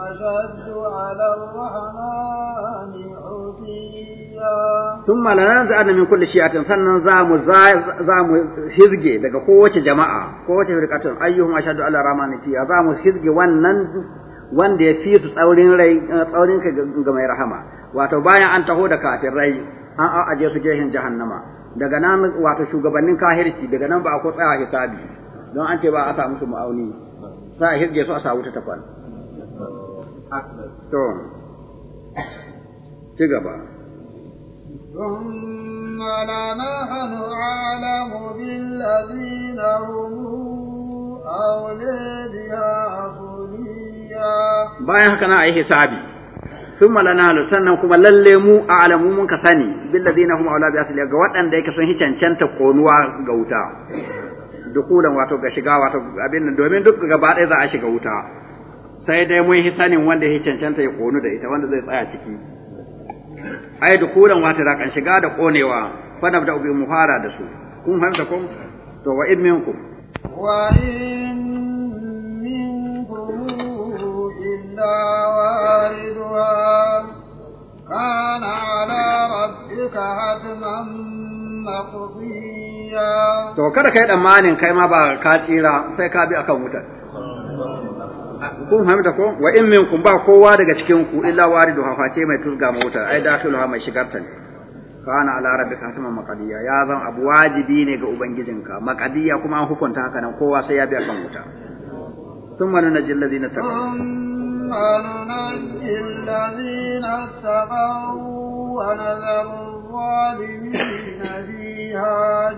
أشد على الرحمن عتيا ثم لننزع من كل شيعة sannan za mu za mu hizge daga kowace jama'a kowace firqatun ayyuhum ashadu ala rahmani fiya za mu hizge wannan wanda ya fi su tsaurin rai tsaurin ka ga mai rahama wato bayan an taho da rai an aje su jehin jahannama daga nan wato shugabannin kahirci daga nan ba a ko tsaya hisabi don an ce ba a samu su ma'auni sai a hizge su a sa wuta tafal to ci gaba ثم لنحن أعلم بالذين هم أولي بها صليا باين هكذا أي حسابي sun malanalo sannan kuma lalle mu a mun ka sani billazi na kuma aulabi asali ga waɗanda yake sun hi cancanta konuwa ga wuta dukulan wato ga shiga wato abin nan domin duk gaba ɗaya za a shiga wuta sai dai mun hi sanin wanda ya cancanta ya konu da ita wanda zai tsaya ciki ai da kuran wata da kan shiga da konewa fa na da ubi muhara da su kun hanta ko to wa in minkum wa in minkum illa waridwa kana ala rabbika hadman maqdiya to kada kai damanin kai ma ba ka tsira sai ka bi akan wutar kun hamda ko wa in kun ba kowa daga cikin ku illa waridu ha face mai tusga mota ai dakhilu ha mai shigar ta ne kana ala rabbika hasman maqadiya ya zan abu wajibi ne ga ubangijinka maqadiya kuma an hukunta haka nan kowa sai ya bi akan wuta ثم ننجي الذين اتقوا ثم ننجي الذين اتقوا ونذر الظالمين فيها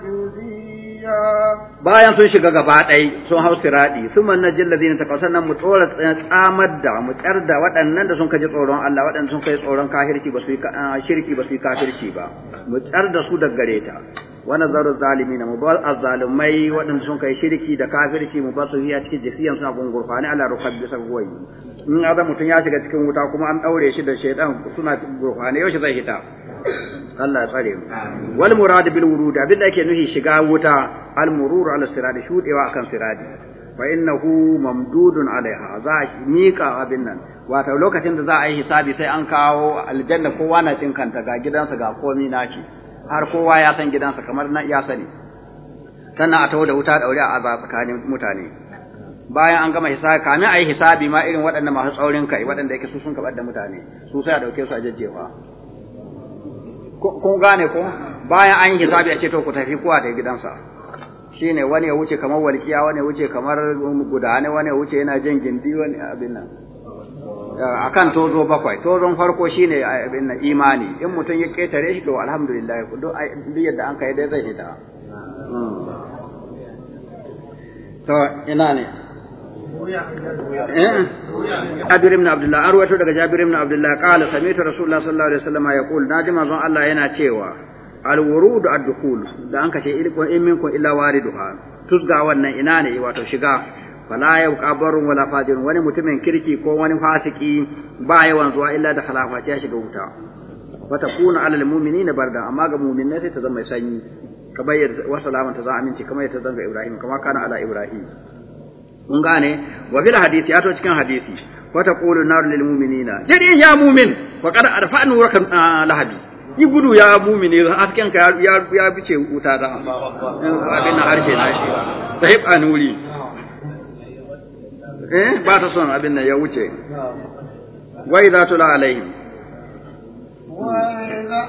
bayan sun shiga gaba ɗai sun hau siraɗi sun manna jillazina ta kawasan nan mu tsora eh, tsamar da mu tsar da waɗannan da sun kaji tsoron Allah waɗanda sun kai tsoron kafirci ba su yi eh, shirki ba su yi kafirci ba mu tsar da su daga gare ta wa nazaru zalimin mu bar azzalimai waɗanda sun kai shirki da kafirci mu ba su yi a cikin jisiyan suna gungurfani Allah rukab bisa goyi in azan mutum ya shiga cikin wuta kuma an ɗaure shi da shaidan suna gurfani yau shi zai hita Allah ya tsare mu wal murad bil wurud da ake nufi shiga wuta al murur ala sirad shudewa akan sirati fa innahu mamdudun alaiha za a mika abin nan wato lokacin da za a yi hisabi sai an kawo aljanna kowa na cin kanta ga gidansa ga komi naci har kowa ya san gidansa kamar na ya sani sannan a tawo da wuta daure a aza tsakanin mutane bayan an gama hisabi kamin a yi hisabi ma irin waɗanda masu tsaurin kai waɗanda yake su sun kabar da mutane su sai a ɗauke su a jajjewa kun gane ko bayan an yi hisabi a ce to ku tafi kowa da gidansa Shi ne wani ya wuce kamar walkiya wani ya wuce kamar gudane wani ya wuce yana jin gindi wani abin nan akan tozo bakwai tozon farko ne abin nan imani in mutum ya ketare shi to alhamdulillah duk yadda an kai dai zai hita hmm. to ina ne Eh, eh. Jabir ibn Abdullah an ruwaito daga Jabir ibn Abdullah qala sami'tu Rasulullah sallallahu alaihi wasallam yaqul naji manzon Allah yana cewa al-wurud ad-dukhul da an kace ilkun in minkum illa wariduha tusga wannan ina ne wato shiga fala yabqa wala fajir wani mutumin kirki ko wani fasiki ba yawan zuwa illa da halafa ya shiga wuta wata kuna alal mu'minina barda amma ga mu'minin sai ta zama sanyi kamar yadda wasalamanta za a aminci kamar ta zanga Ibrahim kamar kana ala Ibrahim kun gane wa fil hadisi ya to cikin hadisi wa taqulu nar lil mu'minina jadi ya mu'min wa qad arfa'nu wa kan ah, lahabi yi gudu ya mu'mini asken ka ya ya bice wuta da abin nan harshe na shi sahib anuri eh ba ta son abin nan ya wuce wa idza tula alaihim wa idza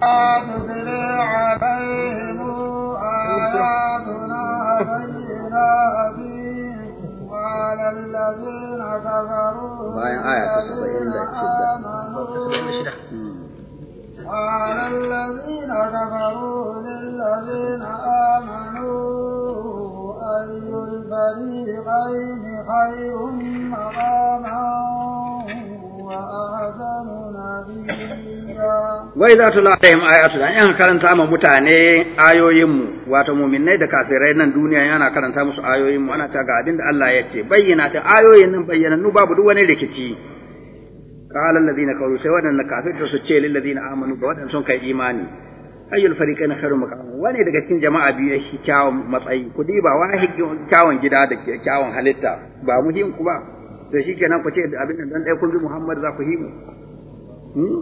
أتتلى عليهم آياتنا بينات وعلى الذين كفروا وعلى الذين كفروا للذين آمنوا أي الفريقين خير مقاما wai za tu la'aihim ayatu da an karanta ma mutane ayoyinmu wato muminai da kafirai nan duniya yana karanta musu ayoyinmu ana ta ga abin Allah ya ce bayyana ta ayoyin nan bayyana, nu babu duk wani rikici qala alladhina kafaru sai wadannan kafirta su ce lil ladina amanu ga wadannan sun kai imani ayyul fariqaina khairu maqam wani daga cikin jama'a biyu yake kyawun matsayi ku diba wani kyawun gida da kyawun halitta ba muhim ku ba to shi kenan ku ce abin nan dan ɗaya kun bi Muhammad za ku yi mu hmm?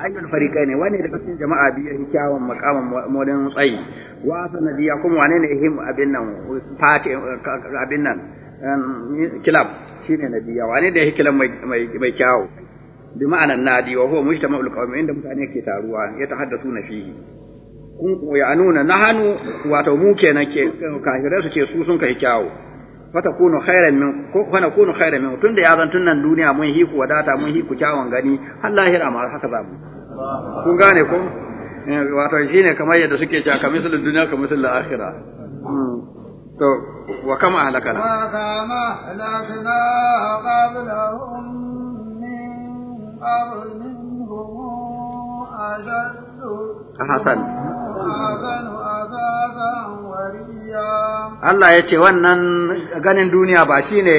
ayyul fariqai ne wani daga cikin jama'a biyu ya kyawun makaman modin tsayi wa sanadiya kuma wane ne himu abin nan fati abin nan kilab shine nadiya wane da yake kilab mai mai kyawu bi ma'anan nadi wa huwa mujtama'ul qawmi inda mutane ke taruwa ya haddasu na fihi kun ko ya nuna nahanu wato mu kenan ke kafirai su ce su sun kai kyawu fatakunu khairan min ko kana kunu khairan min tunda ya zan nan duniya mun hi hiku wadata mun hiku kyawun gani har lahira ma haka za mu kun gane ko eh, wato shine kamar yadda suke cewa kamar misalin duniya kamar misalin akhira hmm. to wa kama halakana wa kama halakana qablahum min qablihim ajal hasan Allah ya ce wannan ganin duniya ba shi ne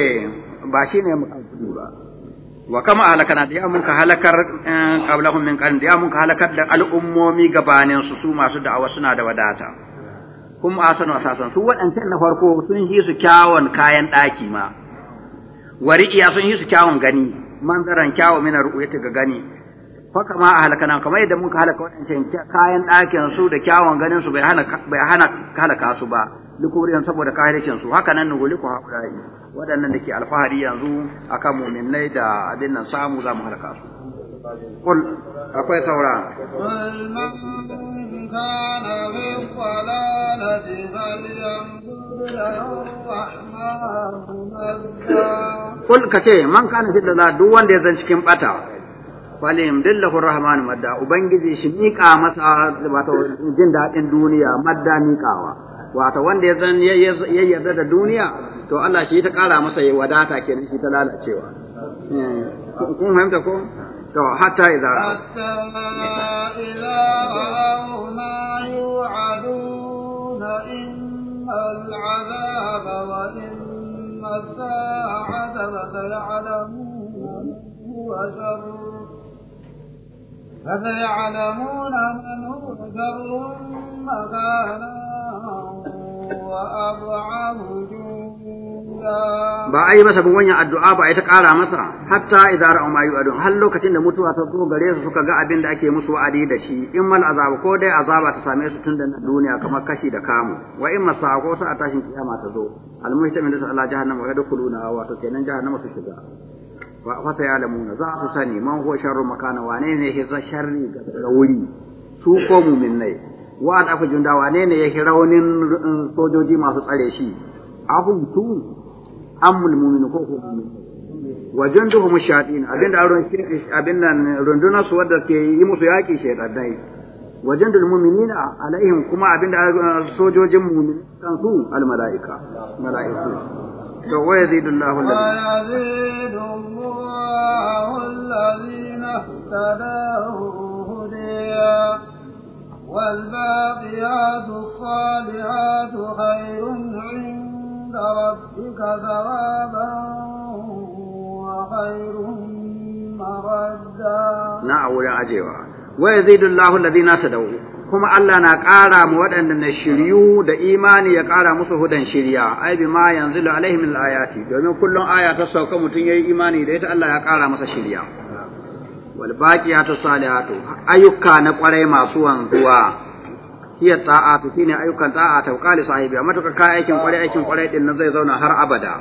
ba shi ne makasudi ba wa kama halakana da ya muka halakar eh, qablahum min qarn da ya muka halakar da al'ummomi gabanin su su masu da'awa suna da wadata kuma asanu asasan su waɗancan na farko sun yi su kyawun kayan ɗaki ma wari'iya sun yi su kyawun gani manzaran kyawun mina ru'yata ga gani faka ma ahalaka nan kamar yadda muka halaka wadancan kayan ɗakin su da kyawun ganin su bai hana bai hana halaka su ba likubriyan saboda kahircin su haka nan nuguliku haƙurai waɗannan da ke alfahari yanzu akan muminai da abin nan samu za mu halaka su قل akwai ثورة قل من كان في الضلالة فليمدد له الرحمن مدا قل كتي من كان في الضلالة دون falim dillahu rahman madda ubangiji shi mika masa wato jin dadin duniya madda mikawa wato wanda ya zan ya yarda da duniya to Allah shi ta kara masa ya wadata kenan shi ta lalacewa eh, kun fahimta ko to hatta idza hatta ila ma yu'aduna imma al'azaba wa imma as-sa'ata wa ya'lamu فسيعلمون من هو شر مكانا وأضعف جودا ba a yi masa bin wannan addu'a ba a yi ta ƙara masa hatta idza ra'u ma yu'adun har lokacin da mutuwa ta zo gare su suka ga abin da ake musu wa'adi da shi in mal azaba ko dai azaba ta same su tun da duniya kamar kashi da kamu wa in masa ko sa a tashin kiyama ta zo al-muhtamin da Allah jahannama ga dukuluna wato kenan jahannama su shiga fasa ya lamuna za su sani man huwa sharrun makana wane ne ya sharri ga wuri su ko muminnai wa an afa junda wane ne ya raunin eh, sojoji masu tsare shi afun tu amul mu'minu ko ko mu'min wa junduhum shayatin abinda aron abin nan runduna su wadda ke yi musu yaki dai, wa jundul mu'minina alaihim kuma abinda eh, sojojin mu'min kan su al mala'ika malaika to wa yazidu Allahu alladhina tadahu hudiya wal baqiyatu salihatu khairun inda rabbika thawaban wa khairun maradda na'ura ajewa wa yazidu Allahu alladhina tadahu kuma Allah na ƙara mu waɗanda na shiryu da imani ya ƙara musu hudan shirya ai bi ma yanzu la alaihim ayati domin kullum aya ta sauka mutum yayi imani da ita Allah ya ƙara masa shirya wal baqiyatu salihatu ayyuka na ƙwarai masu wanzuwa hiya ta'atu shine ayyukan ta'a ta qali sahibi amma to ka aikin ƙwarai aikin ƙwarai din nan zai zauna har abada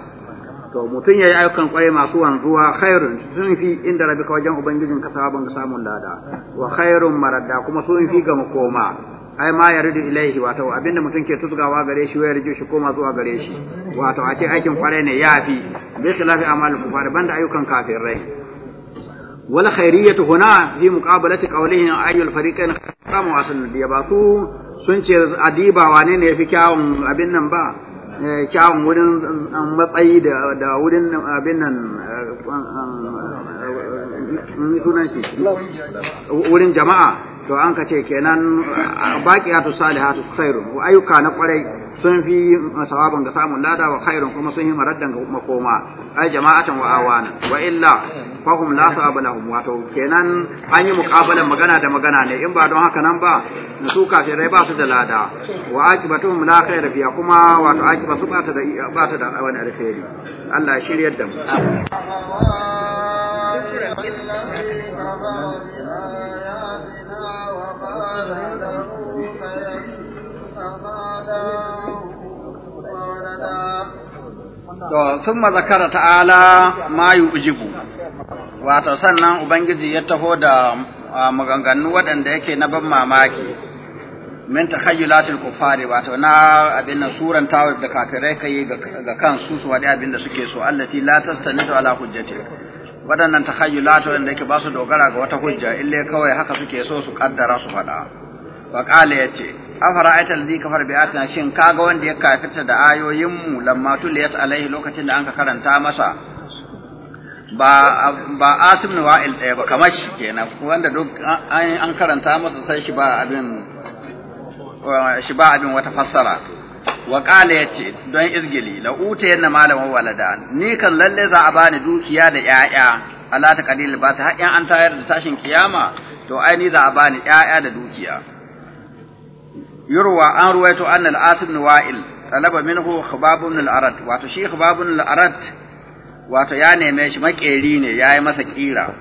to mutum ya yi ayyukan kwaye masu wanzuwa khairun sun fi inda ka wajen ubangijin ka sabon samun lada wa khairun maradda kuma sun fi ga makoma ai ma yardu ilaihi wato abinda mutum ke tusgawa gare shi wayar shi koma zuwa gare shi wato a ce aikin kwarai ne yafi bi khilafi amal kufar banda ayyukan kafirai wala khairiyatu huna fi muqabalati qawlihim ayyul fariqain khairun nabiyya ba yabatu sun ce adiba wane ne ya fi kyawun abin nan ba kyawun wurin matsayi da wurin abin nan sunan shi wurin jama'a to an ka ce kenan baqiyatu salihatu khairun wa ayyuka na kwarai sun fi sawaban ga samun lada wa khairun kuma sun yi maraddan ga makoma ai jama'atan wa awana wa illa fahum la sawaba lahum wato kenan an yi muqabalan magana da magana ne in ba don haka nan ba su kafirai ba su da lada wa aqibatuhum la khaira fiya kuma wato aqiba su ba ta da ba ta da wani alheri Allah shiryar da mu amin ولده sun mazakara ta ma yi ujibu, wato sannan Ubangiji ya taho da maganganu waɗanda yake na ban mamaki, min ta hayyulatul kufari wato na abin nan suran tawar da kafirai kai ga kansu su waɗi abin da suke so, allati la tastanidu ala hujjati. waɗannan takhayyulatu wanda yake ba su dogara ga wata hujja ille kawai haka suke so su kaddara su faɗa wa qala yace afara aital bi kafar bi shin kaga wanda ya kafirta da ayoyin mu lamma tuliyat alaihi lokacin da anka karanta masa ba ba asim ne wa'il ɗaya ba kamar shi kenan wanda duk an karanta masa sai shi ba abin shi ba abin wata fassara wa ya yace don izgili la uta yanna malaman walada ni kan lalle za a bani dukiya da 'ya'ya, Allah ta kadil ba ta in an tayar da tashin kiyama to ai ni za a bani ƴaƴa da dukiya yurwa an ruwaito anna al asib ibn wa'il talaba minhu khabab ibn al arad wato shi khabab ibn al arad wato ya neme shi makeri ne yayi masa kira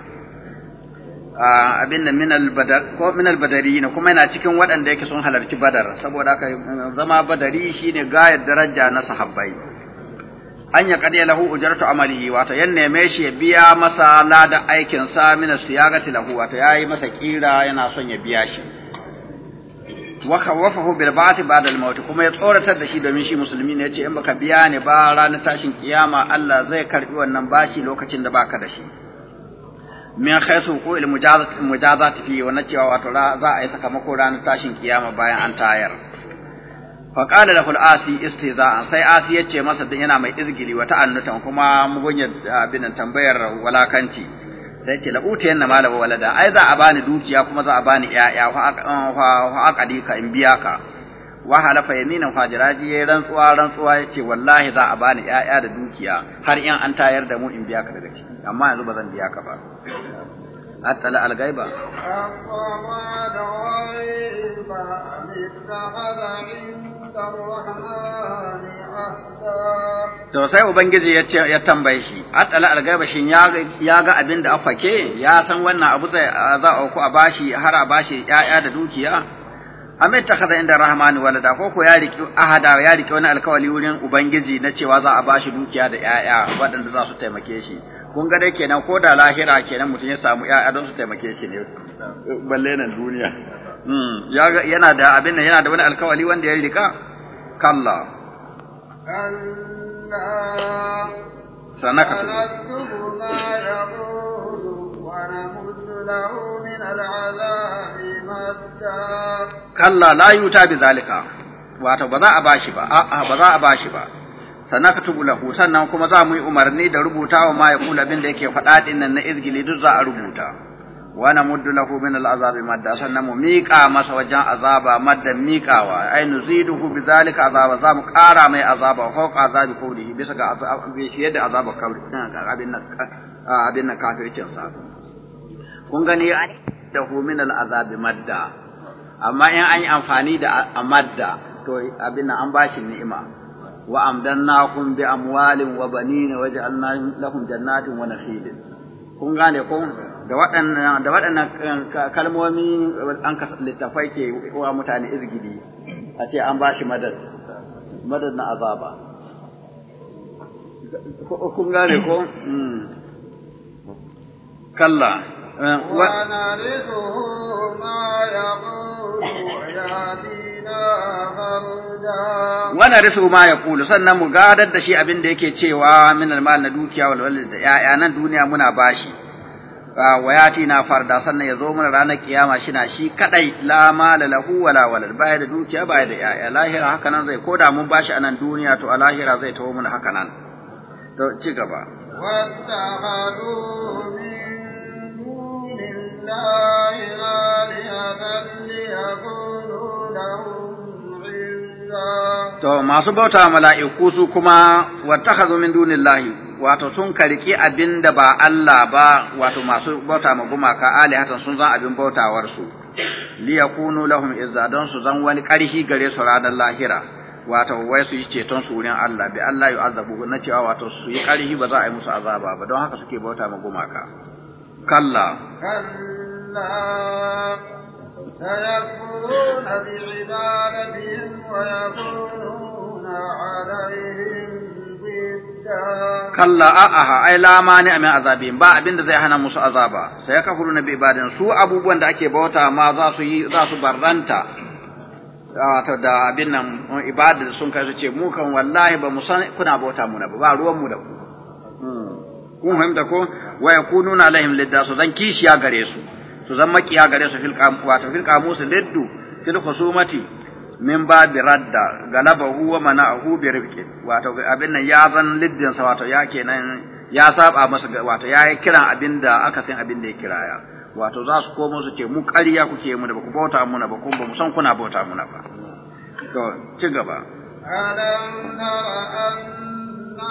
abin nan minal badar ko minal badari ne kuma yana cikin waɗanda yake sun halarci badar saboda haka eh, zama badari shine gayar daraja na sahabbai an ya kadiya lahu ujratu amalihi wato yan neme shi ya biya masa lada aikin sa mina siyagati lahu wato yayi masa kira yana son ya biya shi wa khawafahu bil ba'th ba'da al maut kuma ya tsoratar da shi domin shi musulmi ne yace in baka biya ne ba ranar tashin kiyama Allah zai karbi wannan bashi lokacin da baka da shi min khaisu ko il mujazat mujazat fi wa cewa wato za a yi sakamako ranar tashin kiyama bayan an tayar fa qala lahu al-asi istiza'an sai asi yace masa yana mai izgili wa ta'annutan kuma mugunyar abin tambayar walakanci sai ce la'utiyan na malaba walada ai za a bani dukiya kuma za a bani yaya fa aqadi in biya ka wa halafa yaminan fajiraji yayi rantsuwa rantsuwa yace wallahi za a bani ƴaƴa da dukiya har in an tayar da mu in biya ka daga ciki amma yanzu ba zan biya ka ba atala algaiba to sai ubangiji ya ce ya tambaye shi atala algaiba shin ya ga abin da afake ya san wannan abu sai za a ku a bashi har a bashi yaya da dukiya ta ittakhadha inda rahmani walada ko ko ya riki ahada ya riki wani alkawali wurin ubangiji na cewa za a bashi dukiya da yaya waɗanda za su taimake shi kun ga dai kenan ko da lahira kenan mutum ya samu yaya don su taimake shi ne balle nan duniya hmm, yana da abin nan yana da wani alkawali wanda ya rika kalla sanaka ونمد له من العذاب مدا كلا لا بذلك wato ba za a bashi ba a'a ba za a bashi ba sanaka ka tubu lahu sannan kuma za mu yi umarni da rubuta wa ma ya kula bin da yake faɗa din nan na izgili duk za a rubuta wa na muddu lahu min azab madda sannan mu miƙa masa wajen azaba madda miƙawa ai nuziduhu bi zalika azaba za mu ƙara mai azaba ko azabi ko bisa ga shi yadda azaba kabri abin nan kafircin sa kun gani da min al'azabi madda amma in an yi amfani da amadda to abin an bashi ni'ima wa amdannakum bi amwalin wa banina waje lahum jannatin wa nakhilin kun gane ko da waɗannan da waɗannan kalmomi an ka littafai ke wa mutane izgidi a ce an bashi madad madad na azaba kun gane ko hmm. kalla Wana ما يقول يأتينا فردا ونرثه sannan mu gadar da shi abin da yake cewa min almal na dukiya wal walad da ya'ya nan duniya muna bashi wa yati na farda sannan ya zo mana ranar kiyama shi na shi kadai la mala lahu wala walad baya da dukiya baya da ya'ya lahira haka nan zai koda mun bashi anan duniya to a lahira zai tawo mana haka nan to ci gaba واتخذوا من To masu bauta mala'iku su kuma wattakhadhu min dunillahi wato sun karki abin da ba Allah ba wato masu bauta ka ali hatan sun zan abin bautawar su li yakunu lahum izza don su zan wani karhi gare su ranar lahira wato wai su yi ceton su wurin Allah bi Allah azabu na cewa wato su yi karhi ba za a yi musu azaba ba don haka suke bauta ma gumaka kalla النار فيكفرون بعبادتهم ويكونون عليهم kalla كلا ai la لا مانع من عذابهم با da zai hana موسى عذابا سيكفرون kafuru سو bi ibadin su بوتا ما ake bauta ma za su ta da abin nan ibada sun kai su ce mu kan wallahi ba mu san kuna bauta mu na ba ruwan mu da ku kun fahimta ko wa yakununa alaihim lidda su zan kishiya gare su su zama kiya gare su fil wa wato fil qamus liddu fil khusumati min bi radda huwa mana hu bi rifqi wato abin nan ya zan liddin sa wato ya kenan ya saba masa wato ya yi kiran abin da aka san abin da ya kiraya wato za su komo su ce mu ƙarya kuke mu da ba ku bauta muna ba kun ba mu san kuna bauta muna ba to ci gaba alam tara anna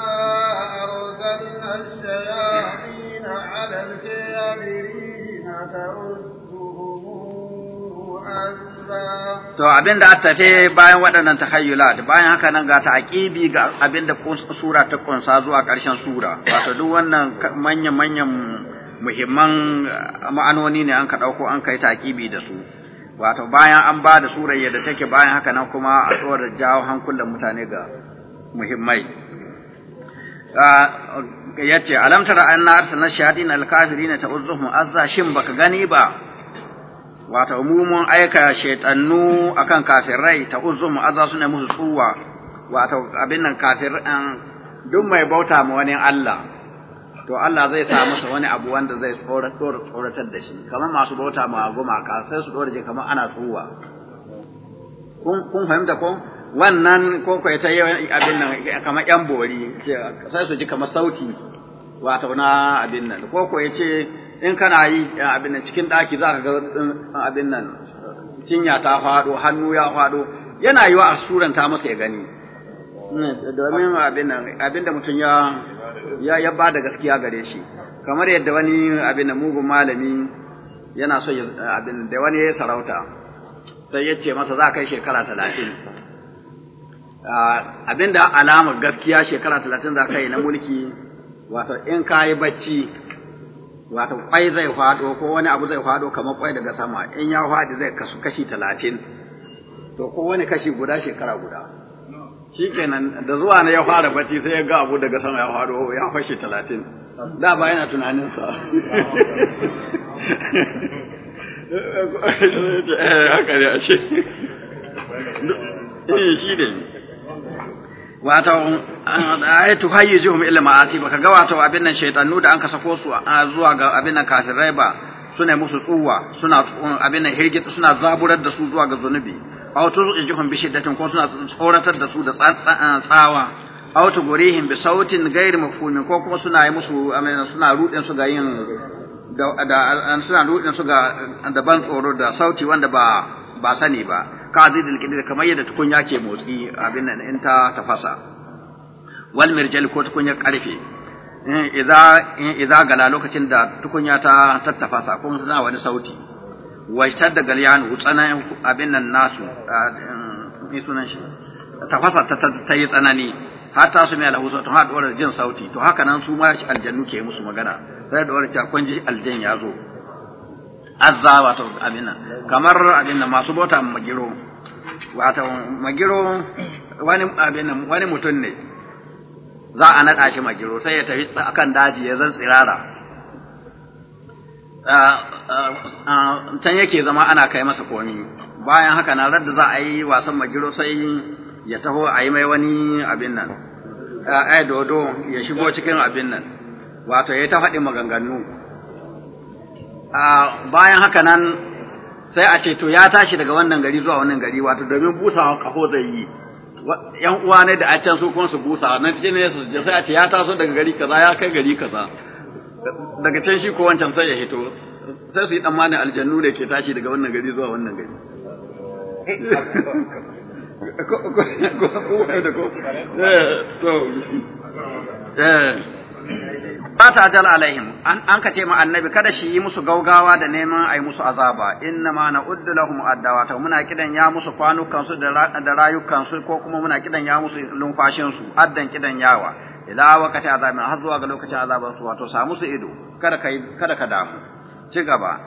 arsalna ash-shayatin 'ala al-kafirin To abin da a tafe bayan waɗannan da bayan haka nan ga ta'aqibi ga abin da sura ta kunsa zuwa ƙarshen sura wato duk wannan manyan manyan muhimman eh, ma'anoni ne an ka ɗauko an kai taqibi da su wato bayan an ba da surar yadda take bayan haka nan kuma a tsora jawo hankulan mutane ga muhimmai ah, yace alam tara anna arsalna shayatin alkafirina ta'uzuhum azza shin baka gani ba wato umumun aika shaytanu akan kafirai ta'uzuhum azza suna musu tsuwa wato abin nan kafir duk mai bauta ma wani Allah to Allah zai sa masa wani abu wanda zai tsoratar da shi kamar masu bauta ma ka sai su dora je kamar ana tsuwa kun fahimta ko wannan ko ko ta yi abin nan kamar yan bori sai su ji kamar sauti wato na abin nan ko ko yace in kana yi abin nan cikin daki za ka ga um, abin nan cinya ta fado hannu ya fado yana yi wa a suranta masa ya gani domin abin nan abin da mutum ya ya ba da gaskiya gare shi kamar yadda wani abin da mugun malami yana so abin da wani ya sarauta sai ya ce masa za kai shekara talatin Ah, abinda alama gaskiya shekara talatin za ka yi na mulki wato in ka yi bacci wato kwai zai fado ko wani abu zai fado kamar kwai daga sama in ya fadi zai kasu kashi talatin to ko wani kashi guda shekara guda kenan da zuwa na ya fara bacci sai ya ga abu daga sama ya fado ya fashe talatin da ba yana tunaninsa eh, haka ne a eh, shi ne wato ai hum illa ma'asi baka ga wato abin nan shaytanu da an ka sako su zuwa ga abin nan kafirai ba suna musu tsuwa suna abin nan hirgi suna zaburar da su zuwa ga zunubi aw hum bi shiddatin ko suna tsoratar da su da tsawa aw tugurihim bi sautin ghairi mafhumin ko kuma suna yi musu amana suna rudin su ga yin da suna rudin su ga daban tsoro da sauti wanda ba ba sani ba qadi dil kidir kamar yadda tukunya ke motsi abin nan in ta tafasa wal mirjal ko tukunya karfe idza idza gala lokacin da tukunya ta tattafasa kuma suna wani sauti ta da galyan tsananin abin nan nasu ne sunan shi tafasa ta yi tsanani har ta su mai alhusa tun har da jin sauti to haka nan su ma aljannu ke musu magana sai da dora ta kun ji aljan ya zo azza wato abin nan kamar abin nan masu bota magiro wato magiro wani abin nan wani mutum ne za a naɗa shi magiro sai ya tafi akan daji ya zan tsirara can yake zama ana kai masa komi bayan haka na radda za a yi wasan magiro sai ya taho a yi mai wani abin nan ai dodo ya shigo cikin abin nan wato ya ta faɗi maganganu bayan haka nan sai a ce to ya tashi daga wannan gari zuwa wannan gari wato domin busawa kaho zai yi yan uwa ne da a can su kuma su busa nan cikin ne su sai a ce ya taso daga gari kaza ya kai gari kaza daga can shi ko wancan sai ya hito sai su yi tsammanin aljannu ne ke tashi daga wannan gari zuwa wannan gari to eh la ta'jal alaihim an an ka ce annabi kada shi yi musu gaugawa da neman yi musu azaba inna ma na'uddu lahum wata muna kidan ya musu kwanukan su da rayukan su ko kuma muna kidan ya musu lumfashin su addan kidan yawa ila wakati azabin har zuwa ga lokacin azaban wato samu su ido kada kada ka damu ci gaba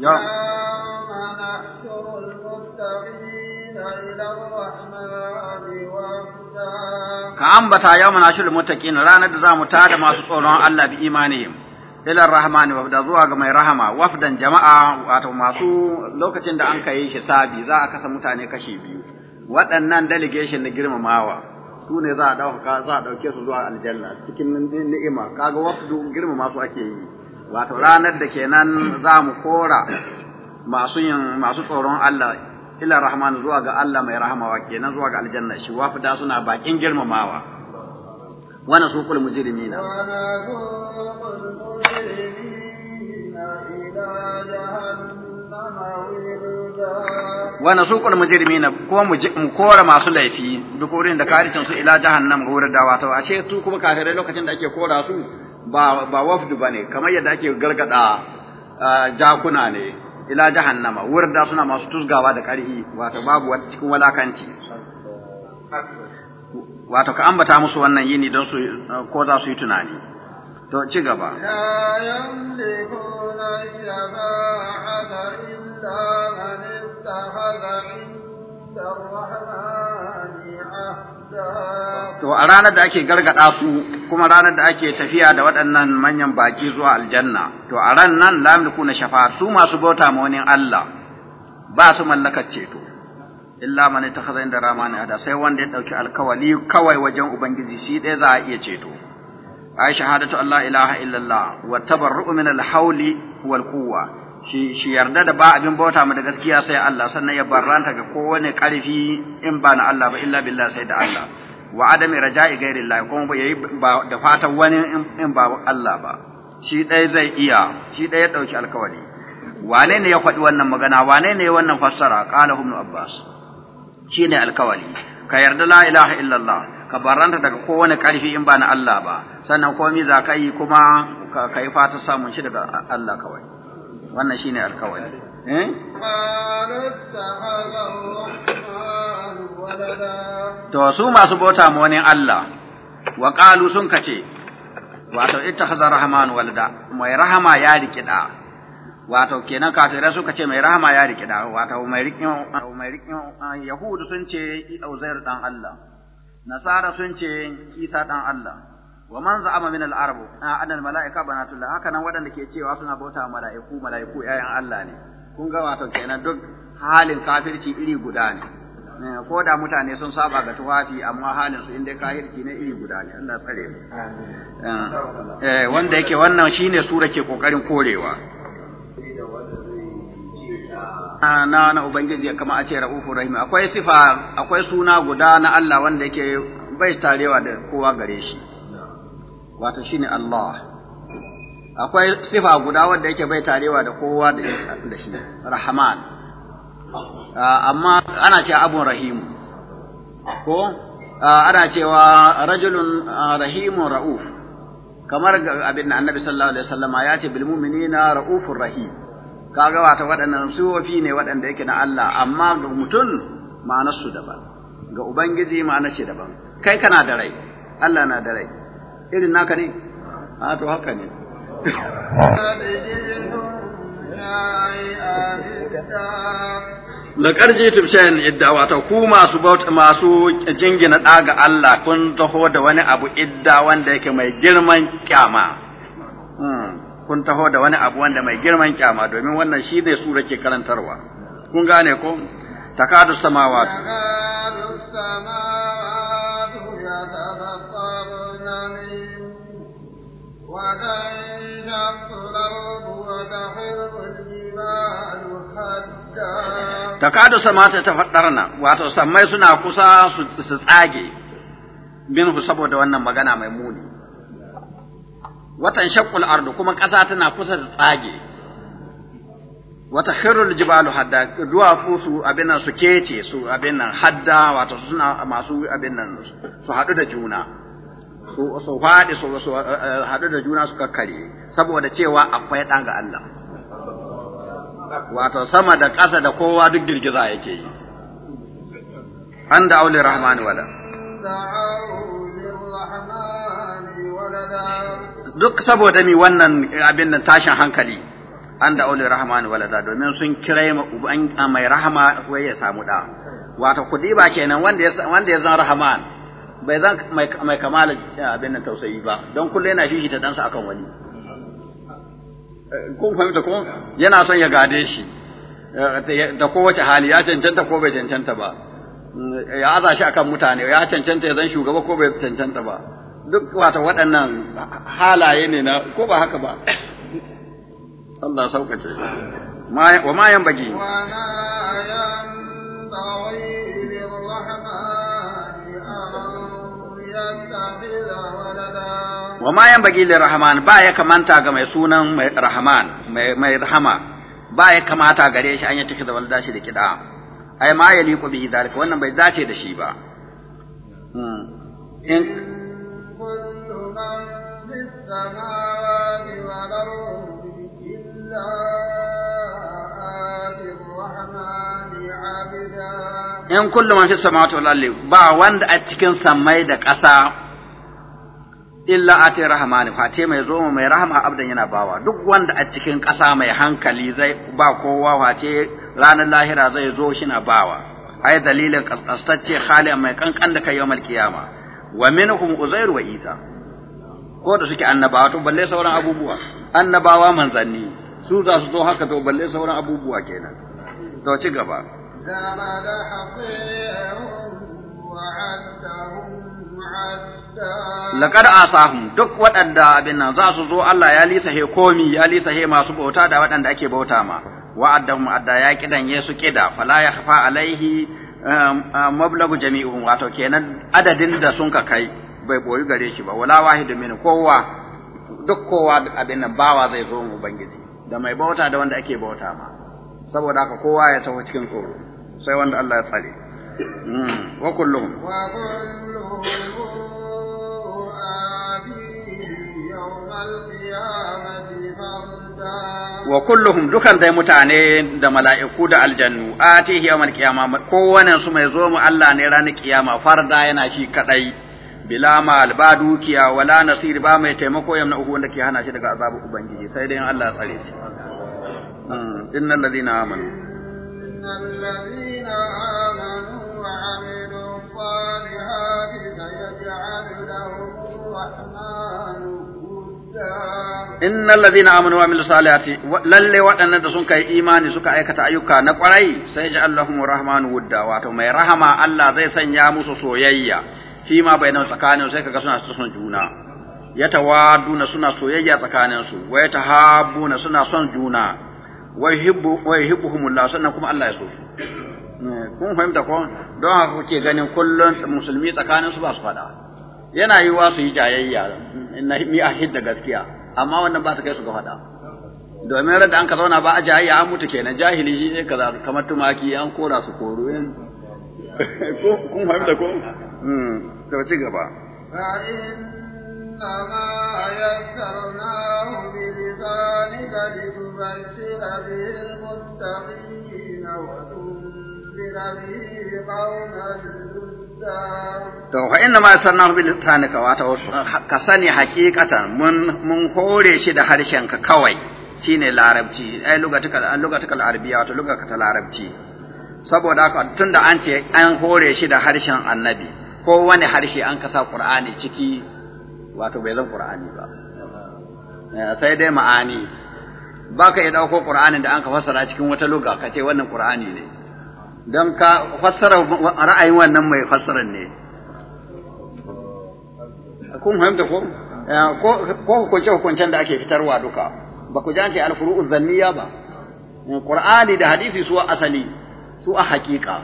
يوم نحشر المتقين إلى الرحمن وفدا كأن بتا يوم نحشر المتقين رانا دزا متاد ما سطولون الله بإيمانهم إلى الرحمن وفدا zuwa ga mai rahama wafdan jama'a wato masu lokacin da an yi hisabi za a kasa mutane kashi biyu waɗannan delegation girmamawa su ne za a ɗauke su zuwa aljanna cikin ni'ima kaga wafdu girmama su ake yi wato ranar da kenan za mu kora masu yin masu tsoron Allah ila rahman zuwa ga Allah mai rahamawa kenan zuwa ga aljanna shi wafida suna bakin girmamawa su suqul mujrimina su suqul mujrimina ko mu kora masu laifi duk wurin da karicin su ila jahannam ga wurin da wato ashe su kuma kafirai lokacin da ake kora su ba ba ne kamar yadda ake gargada jakuna ne ila jahannama wurda suna masu tusgawa da karhi wato babu cikin walakanci wato ka ambata musu wannan yini don su ko za su yi tunani to ci gaba illa To a ranar da ake gargada su kuma ranar da ake tafiya da waɗannan manyan baƙi zuwa aljanna, to a ran nan lamliku na shafa su masu bauta ma wani Allah ba su mallakar ceto. Illa mani ta hazain da ramani da sai wanda ya ɗauki alkawali kawai wajen Ubangiji shi ɗaya za a iya ceto. Ai shahadatu Allah ilaha illallah wa tabarru'u min alhauli wal quwwa shi shi yarda da ba abin bauta mu da gaskiya sai Allah sannan ya barranta ga kowane karfi in ba na Allah ba illa billah sai da Allah wa adami raja'i ghairi Allah kuma ba yayi da fatan wani in ba Allah ba shi ɗaya zai iya shi ɗaya ɗauki alkawari wane ne ya faɗi wannan magana wane ne wannan fassara qala ibn abbas shi ne alkawari ka yarda la ilaha illallah ka barranta daga kowane karfi in ba na Allah ba sannan komai za ka yi kuma ka yi fata samun shi daga Allah kawai wannan shi alkawari eh to su masu bota mu wani Allah wa ƙalu sun kace wato haza rahman Walda, mai rahama ya riki wato kenan kafirai suka ce mai rahama ya riki wato mai rikin yahudu sun ce uzair ɗan Allah nasara sun ce isa ɗan Allah wa man za'ama min al-arab anna al-mala'ika banatullah haka nan waɗanda ke cewa suna bauta mala'iku mala'iku ƴaƴan Allah ne kun ga wato kenan duk halin kafirci iri guda ne eh, ko da mutane sun saba ga tuwafi amma halin su inda kafirci ne iri guda ne Allah tsare mu eh, eh wanda yake wannan shine sura ke kokarin korewa na na ubangiji kama a ce ra'ufur rahim akwai sifa akwai suna guda na Allah wanda yake bai tarewa da kowa gare shi wato shine Allah akwai sifa guda wanda yake bai tarewa da kowa da shi rahman ah, amma ana ce abun rahimu ko ah, ana cewa rajulun ah, rahimun ra'uf kamar ga abin da annabi sallallahu alaihi wasallama ya ce bil mu'minina ra'ufur rahim kaga wata waɗannan sufofi ne waɗanda yake na Allah amma ga mutum ma'anar su daban ga ubangiji ma'anar shi daban kai kana da rai Allah na da rai irin naka ne a to haka ne da ƙarji tubshen idda wata ku masu bauta masu jingina daga Allah kun taho da wani abu idda wanda yake mai girman kyama hmm, kun taho da wani abu wanda mai girman kyama domin wannan shi ne sura ke karantarwa kun gane ko takadu samawa Ta kada sama ta ta هدا nan wato يتفطرن suna kusa su tsage سساجي hu saboda wannan magana mai muni watan shaqqul ardu kuma ƙasa tana kusa ta tsage wata khirul jibalu hadda duwatsu su abin nan su kece su abin nan hadda wato suna masu abin nan su haɗu da juna su su faɗi su eh, haɗu da juna su kakkare saboda cewa akwai ɗan ga Allah wato sama da ƙasa da kowa duk girgiza yake yi an da aulin rahmani wala duk saboda mi wannan eh, abin nan tashin hankali an da aulin rahmani wala da domin sun kira mai rahama wai ya samu ɗa wato ku diba kenan wanda ya zan rahman bai zan mai kamala eh, abin nan tausayi ba don kullum yana shi ta ɗansa akan wani eh, kun fahimta ko yana son ya gade shi eh, da kowace hali ya cancanta ko bai cancanta ba mm, ya aza shi akan mutane ya cancanta ya zan shugaba ko bai cancanta ba duk wata waɗannan halaye ne na ko ba haka ba Allah saukace wa ma yan bagi wa ma yan wa ma yan bagi rahman ba ya kamanta ga mai sunan mai rahman mai rahama ba ya kamata gare shi an yi take da walda shi da kida ai ma ya liku bihi zalika wannan bai dace da shi ba in kullu man fis samawati wal ardi illa in kullum man fi samawati wal ardi ba wanda a cikin samai da ƙasa illa ati ne, fate mai zo mai rahama abdan yana bawa duk wanda a cikin ƙasa mai hankali zai ba kowa face ranar lahira zai zo shi na bawa ai dalilin kaskastacce khali mai kankan da kai yawmal kiyama wa minhum uzair wa isa ko da suke annabawa to balle sauran abubuwa annabawa manzanni su za su zo haka to balle sauran abubuwa kenan to ci gaba Laƙar asahun duk waɗanda abin nan za su zo Allah ya lisahe komi ya lisahe masu bauta da waɗanda ake bauta ma mu adda ya ƙidan yesu ƙida fala ya kafa alaihi um, um, mablagu jami'un wato kenan adadin da sun ka kai bai boyi gare shi ba wala wahidu domin kowa duk kowa abin nan bawa zai zo mu ubangiji da mai bauta da wanda ake bauta ma saboda haka kowa ya tafi cikin tsoro sai wanda Allah ya tsare hmm. wa kullum wa kulluhum dukan dai mutane da mala'iku da aljannu atihi yawmal qiyama kowanne su mai zo mu Allah ne ranar kiyama farda yana shi kadai bila mal ba dukiya wala nasir ba mai taimako yamna uku wanda ke hana shi daga azabu ubangiji sai dai Allah ya tsare shi إن الذين آمنوا إن الذين آمنوا وعملوا الصالحات سيجعل لهم الرحمن إن الذين آمنوا للي وأن دسون كاي إيماني سكا أيكة أيوكا نقرأي سيجعل لهم الرحمن ودا واتو مي رحمة الله زي سنيا موسو سويا فيما بينهم سكانهم سيكا سنة سنة جونا يتوادون سنة سويا سكانهم سو ويتهابون سنة سنة جونا wa sannan kuma Allah ya so su eh, kun fahimta ko don haka kuke ganin kullun musulmi tsakanin su ba su fada yana yiwa su yi jayayya inna mi ahid da gaskiya amma wannan ba su kai su ga fada domin rada an ka zauna ba a jayayya an mutu kenan jahili shi ne kaza kamar tumaki an kora su koro eh, kun fahimta ko hmm, to ci gaba إنما يسرناه بلسانك لتبشر به المتقين وتنذر به قوما To fa inna ma sannahu bil lisanika ta ka sani hakikatan mun mun hore shi da harshen ka kawai shine larabci ai lugatukal lugatukal arabiya wato ta larabci saboda haka tunda an ce an hore shi da harshen annabi ko wani harshe an kasa qur'ani ciki wato bai zan qur'ani ba eh, sai dai ma'ani ba ka iya ɗauko qur'anin da an ka fassara cikin wata luga ka ce wannan qur'ani ne don ka fassara ra'ayin wannan mai fassaran ne kun fahimta ko eh, ko hukunce hukuncen da ake fitarwa duka ba ku jance an alfuru'u zanniya ba eh, qur'ani da hadisi su asali su a hakika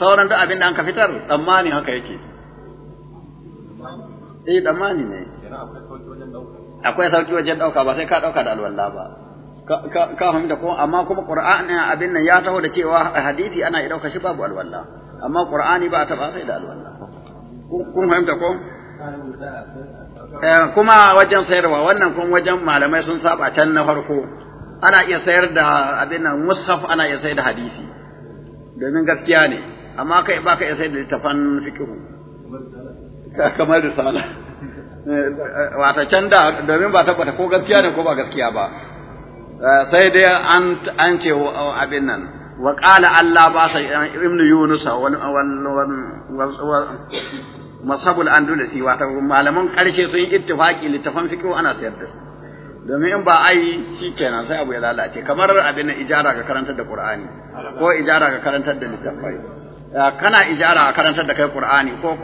sauran duk abin da an ka fitar tsammani haka yake eh tsammani ne akwai sauki wajen ɗauka ba sai ka ɗauka da alwala ba ka fahimta ko amma kuma qur'ani abin nan ya taho da cewa hadithi ana ɗauka shi babu alwala amma qur'ani ba a taɓa sai da alwala kun fahimta ko eh, kuma wajen sayarwa wannan kun wajen malamai sun saba can na farko ana iya sayar da abin nan mushaf ana iya sayar da hadithi. domin gaskiya ne amma kai ba ka iya sayar da littafan fikihu kamar risala Eh, wata can da domin ba tabbata ko gaskiya ne ko ba gaskiya ba eh, sai dai an an ce abin nan wa qala Allah ba sai eh, ibn yunus wal an mashabul andalusi wata malaman karshe sun yi ittifaqi littafan fiqh ana sayar da domin in ba ai shi kenan sai abu ya lalace kamar abin ijara ga karantar da qur'ani ko ijara ga karantar da littafai Eh, kana ijara a karantar da kai Qur'ani ko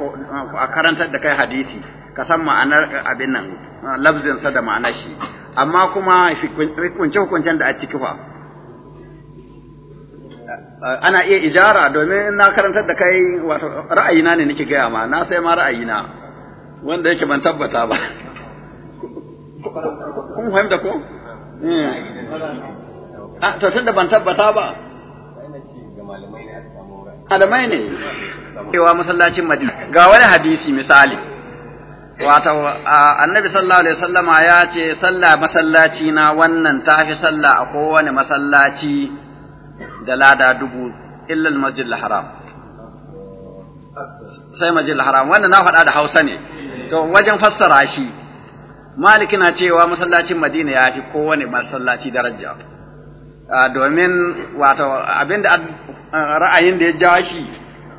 a karantar da kai hadisi ka san ma'anar eh, abin nan eh, lafzin sa da ma'anar shi amma kuma hukunce hukuncen da a ciki fa ana iya ijara domin na karantar da kai wato ra'ayina ne nake gaya ma na sai ma ra'ayina wanda yake ban tabbata ba kun fahimta ko? Ah, to tun da ban tabbata ba malamai ne cewa masallacin madina ga wani hadisi misali wato annabi sallallahu alaihi wasallama ya ce sallah masallaci na wannan tafi sallah a kowane masallaci da lada dubu illal masjidil haram sai masjidil haram wannan na faɗa da Hausa ne to wajen fassara shi Malik na cewa masallacin Madina ya fi kowane masallaci daraja Ah, domin wato abinda ah, ra'ayin da ya ja shi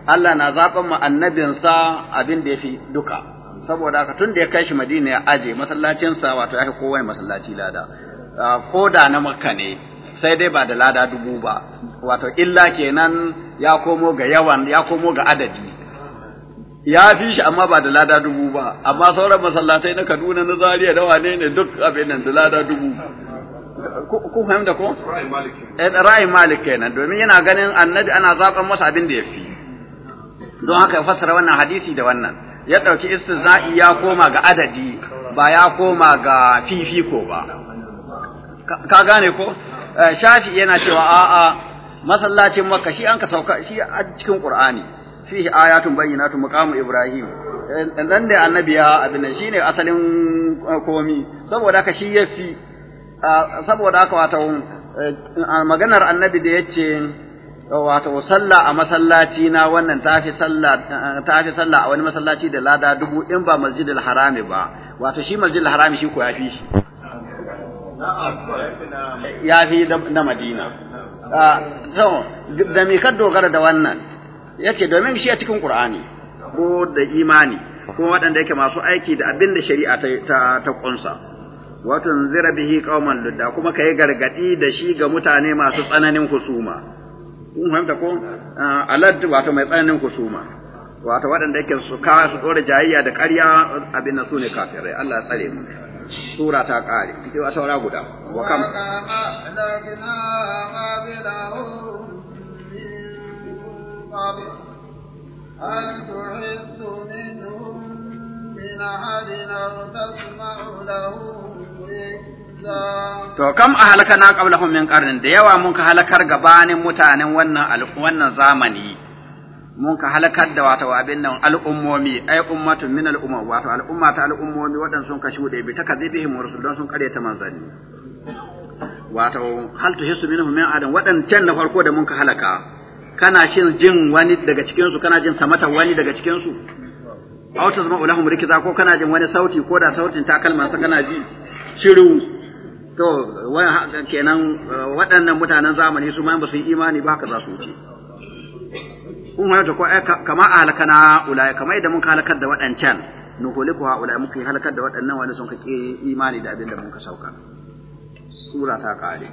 Allah na zaban mu annabinsa abin da ya fi duka saboda haka tun da ya kai shi Madina ya aje masallacinsa wato ya fi kowane masallaci lada ah, ko da na Makka ne sai dai ba da lada dubu ba wato illa kenan ya komo ga yawan ya komo ga adadi ya fi shi amma ba da lada dubu ba amma sauran masallatai na Kaduna na Zariya da wane ne duk abin da lada dubu ku fahimta ko eh, ra'ayin malik kenan domin yana ganin annabi ana zaben masa abin da yafi don haka ya fassara wannan hadisi da wannan ya dauki istizna'i ya koma ga adadi ba ya koma ga fifiko ba ka gane ko eh, shafi yana cewa a'a masallacin makka shi an ka sauka shi a cikin qur'ani fihi ayatun bayyinatun muqamu ibrahim nan eh, da annabiya abin nan shine asalin komi saboda haka shi yafi saboda haka wato eh, maganar annabi da ce wato sallah a masallaci na wannan tafi sallah eh, tafi sallah a wani masallaci da lada dubu in ba masjidil harami ba wato shi masjidil harami shi ko yafi shi yafi na madina so da mi ka dogara da wannan yace domin shi a cikin qur'ani ko da imani ko waɗanda yake masu aiki da abin da shari'a ta ta kunsa wa zira bihi kauman ludda kuma kai gargadi da shi ga mutane masu tsananin husuma kun fahimta ko alad wato mai tsananin husuma wato waɗanda yake su ka su dora jayayya da ƙarya abin nan sune kafirai Allah ya tsare mu sura ta ƙare fito a saura guda wa kam هل تعز منهم من أحد تسمع له To kam a na qablahum min qarnin da yawa mun ka halakar gabanin mutanen wannan wannan zamani mun ka halakar da wato abin nan al'ummomi ai ummatu min al'umma wato al'umma ta al'ummomi wadan sun ka shude bi takazibihim rusul don sun ta manzanni wato hal tuhissu minhum min adam can na farko da mun ka halaka kana shin jin wani daga cikin su kana jin samata wani daga cikin su aw tazma'u lahum rikza ko kana jin wani sauti ko da sautin takalman sa kana ji ciru to kenan uh, waɗannan mutanen zamani su ma ba su yi imani ba ka za su wuce kun ta ko eh, kama halakana ulaya kama idan mun halakar da waɗancan nuhuliku ha ulaya muka halakar da waɗannan wani sun kake imani da abin da mun ka sauka sura ta kare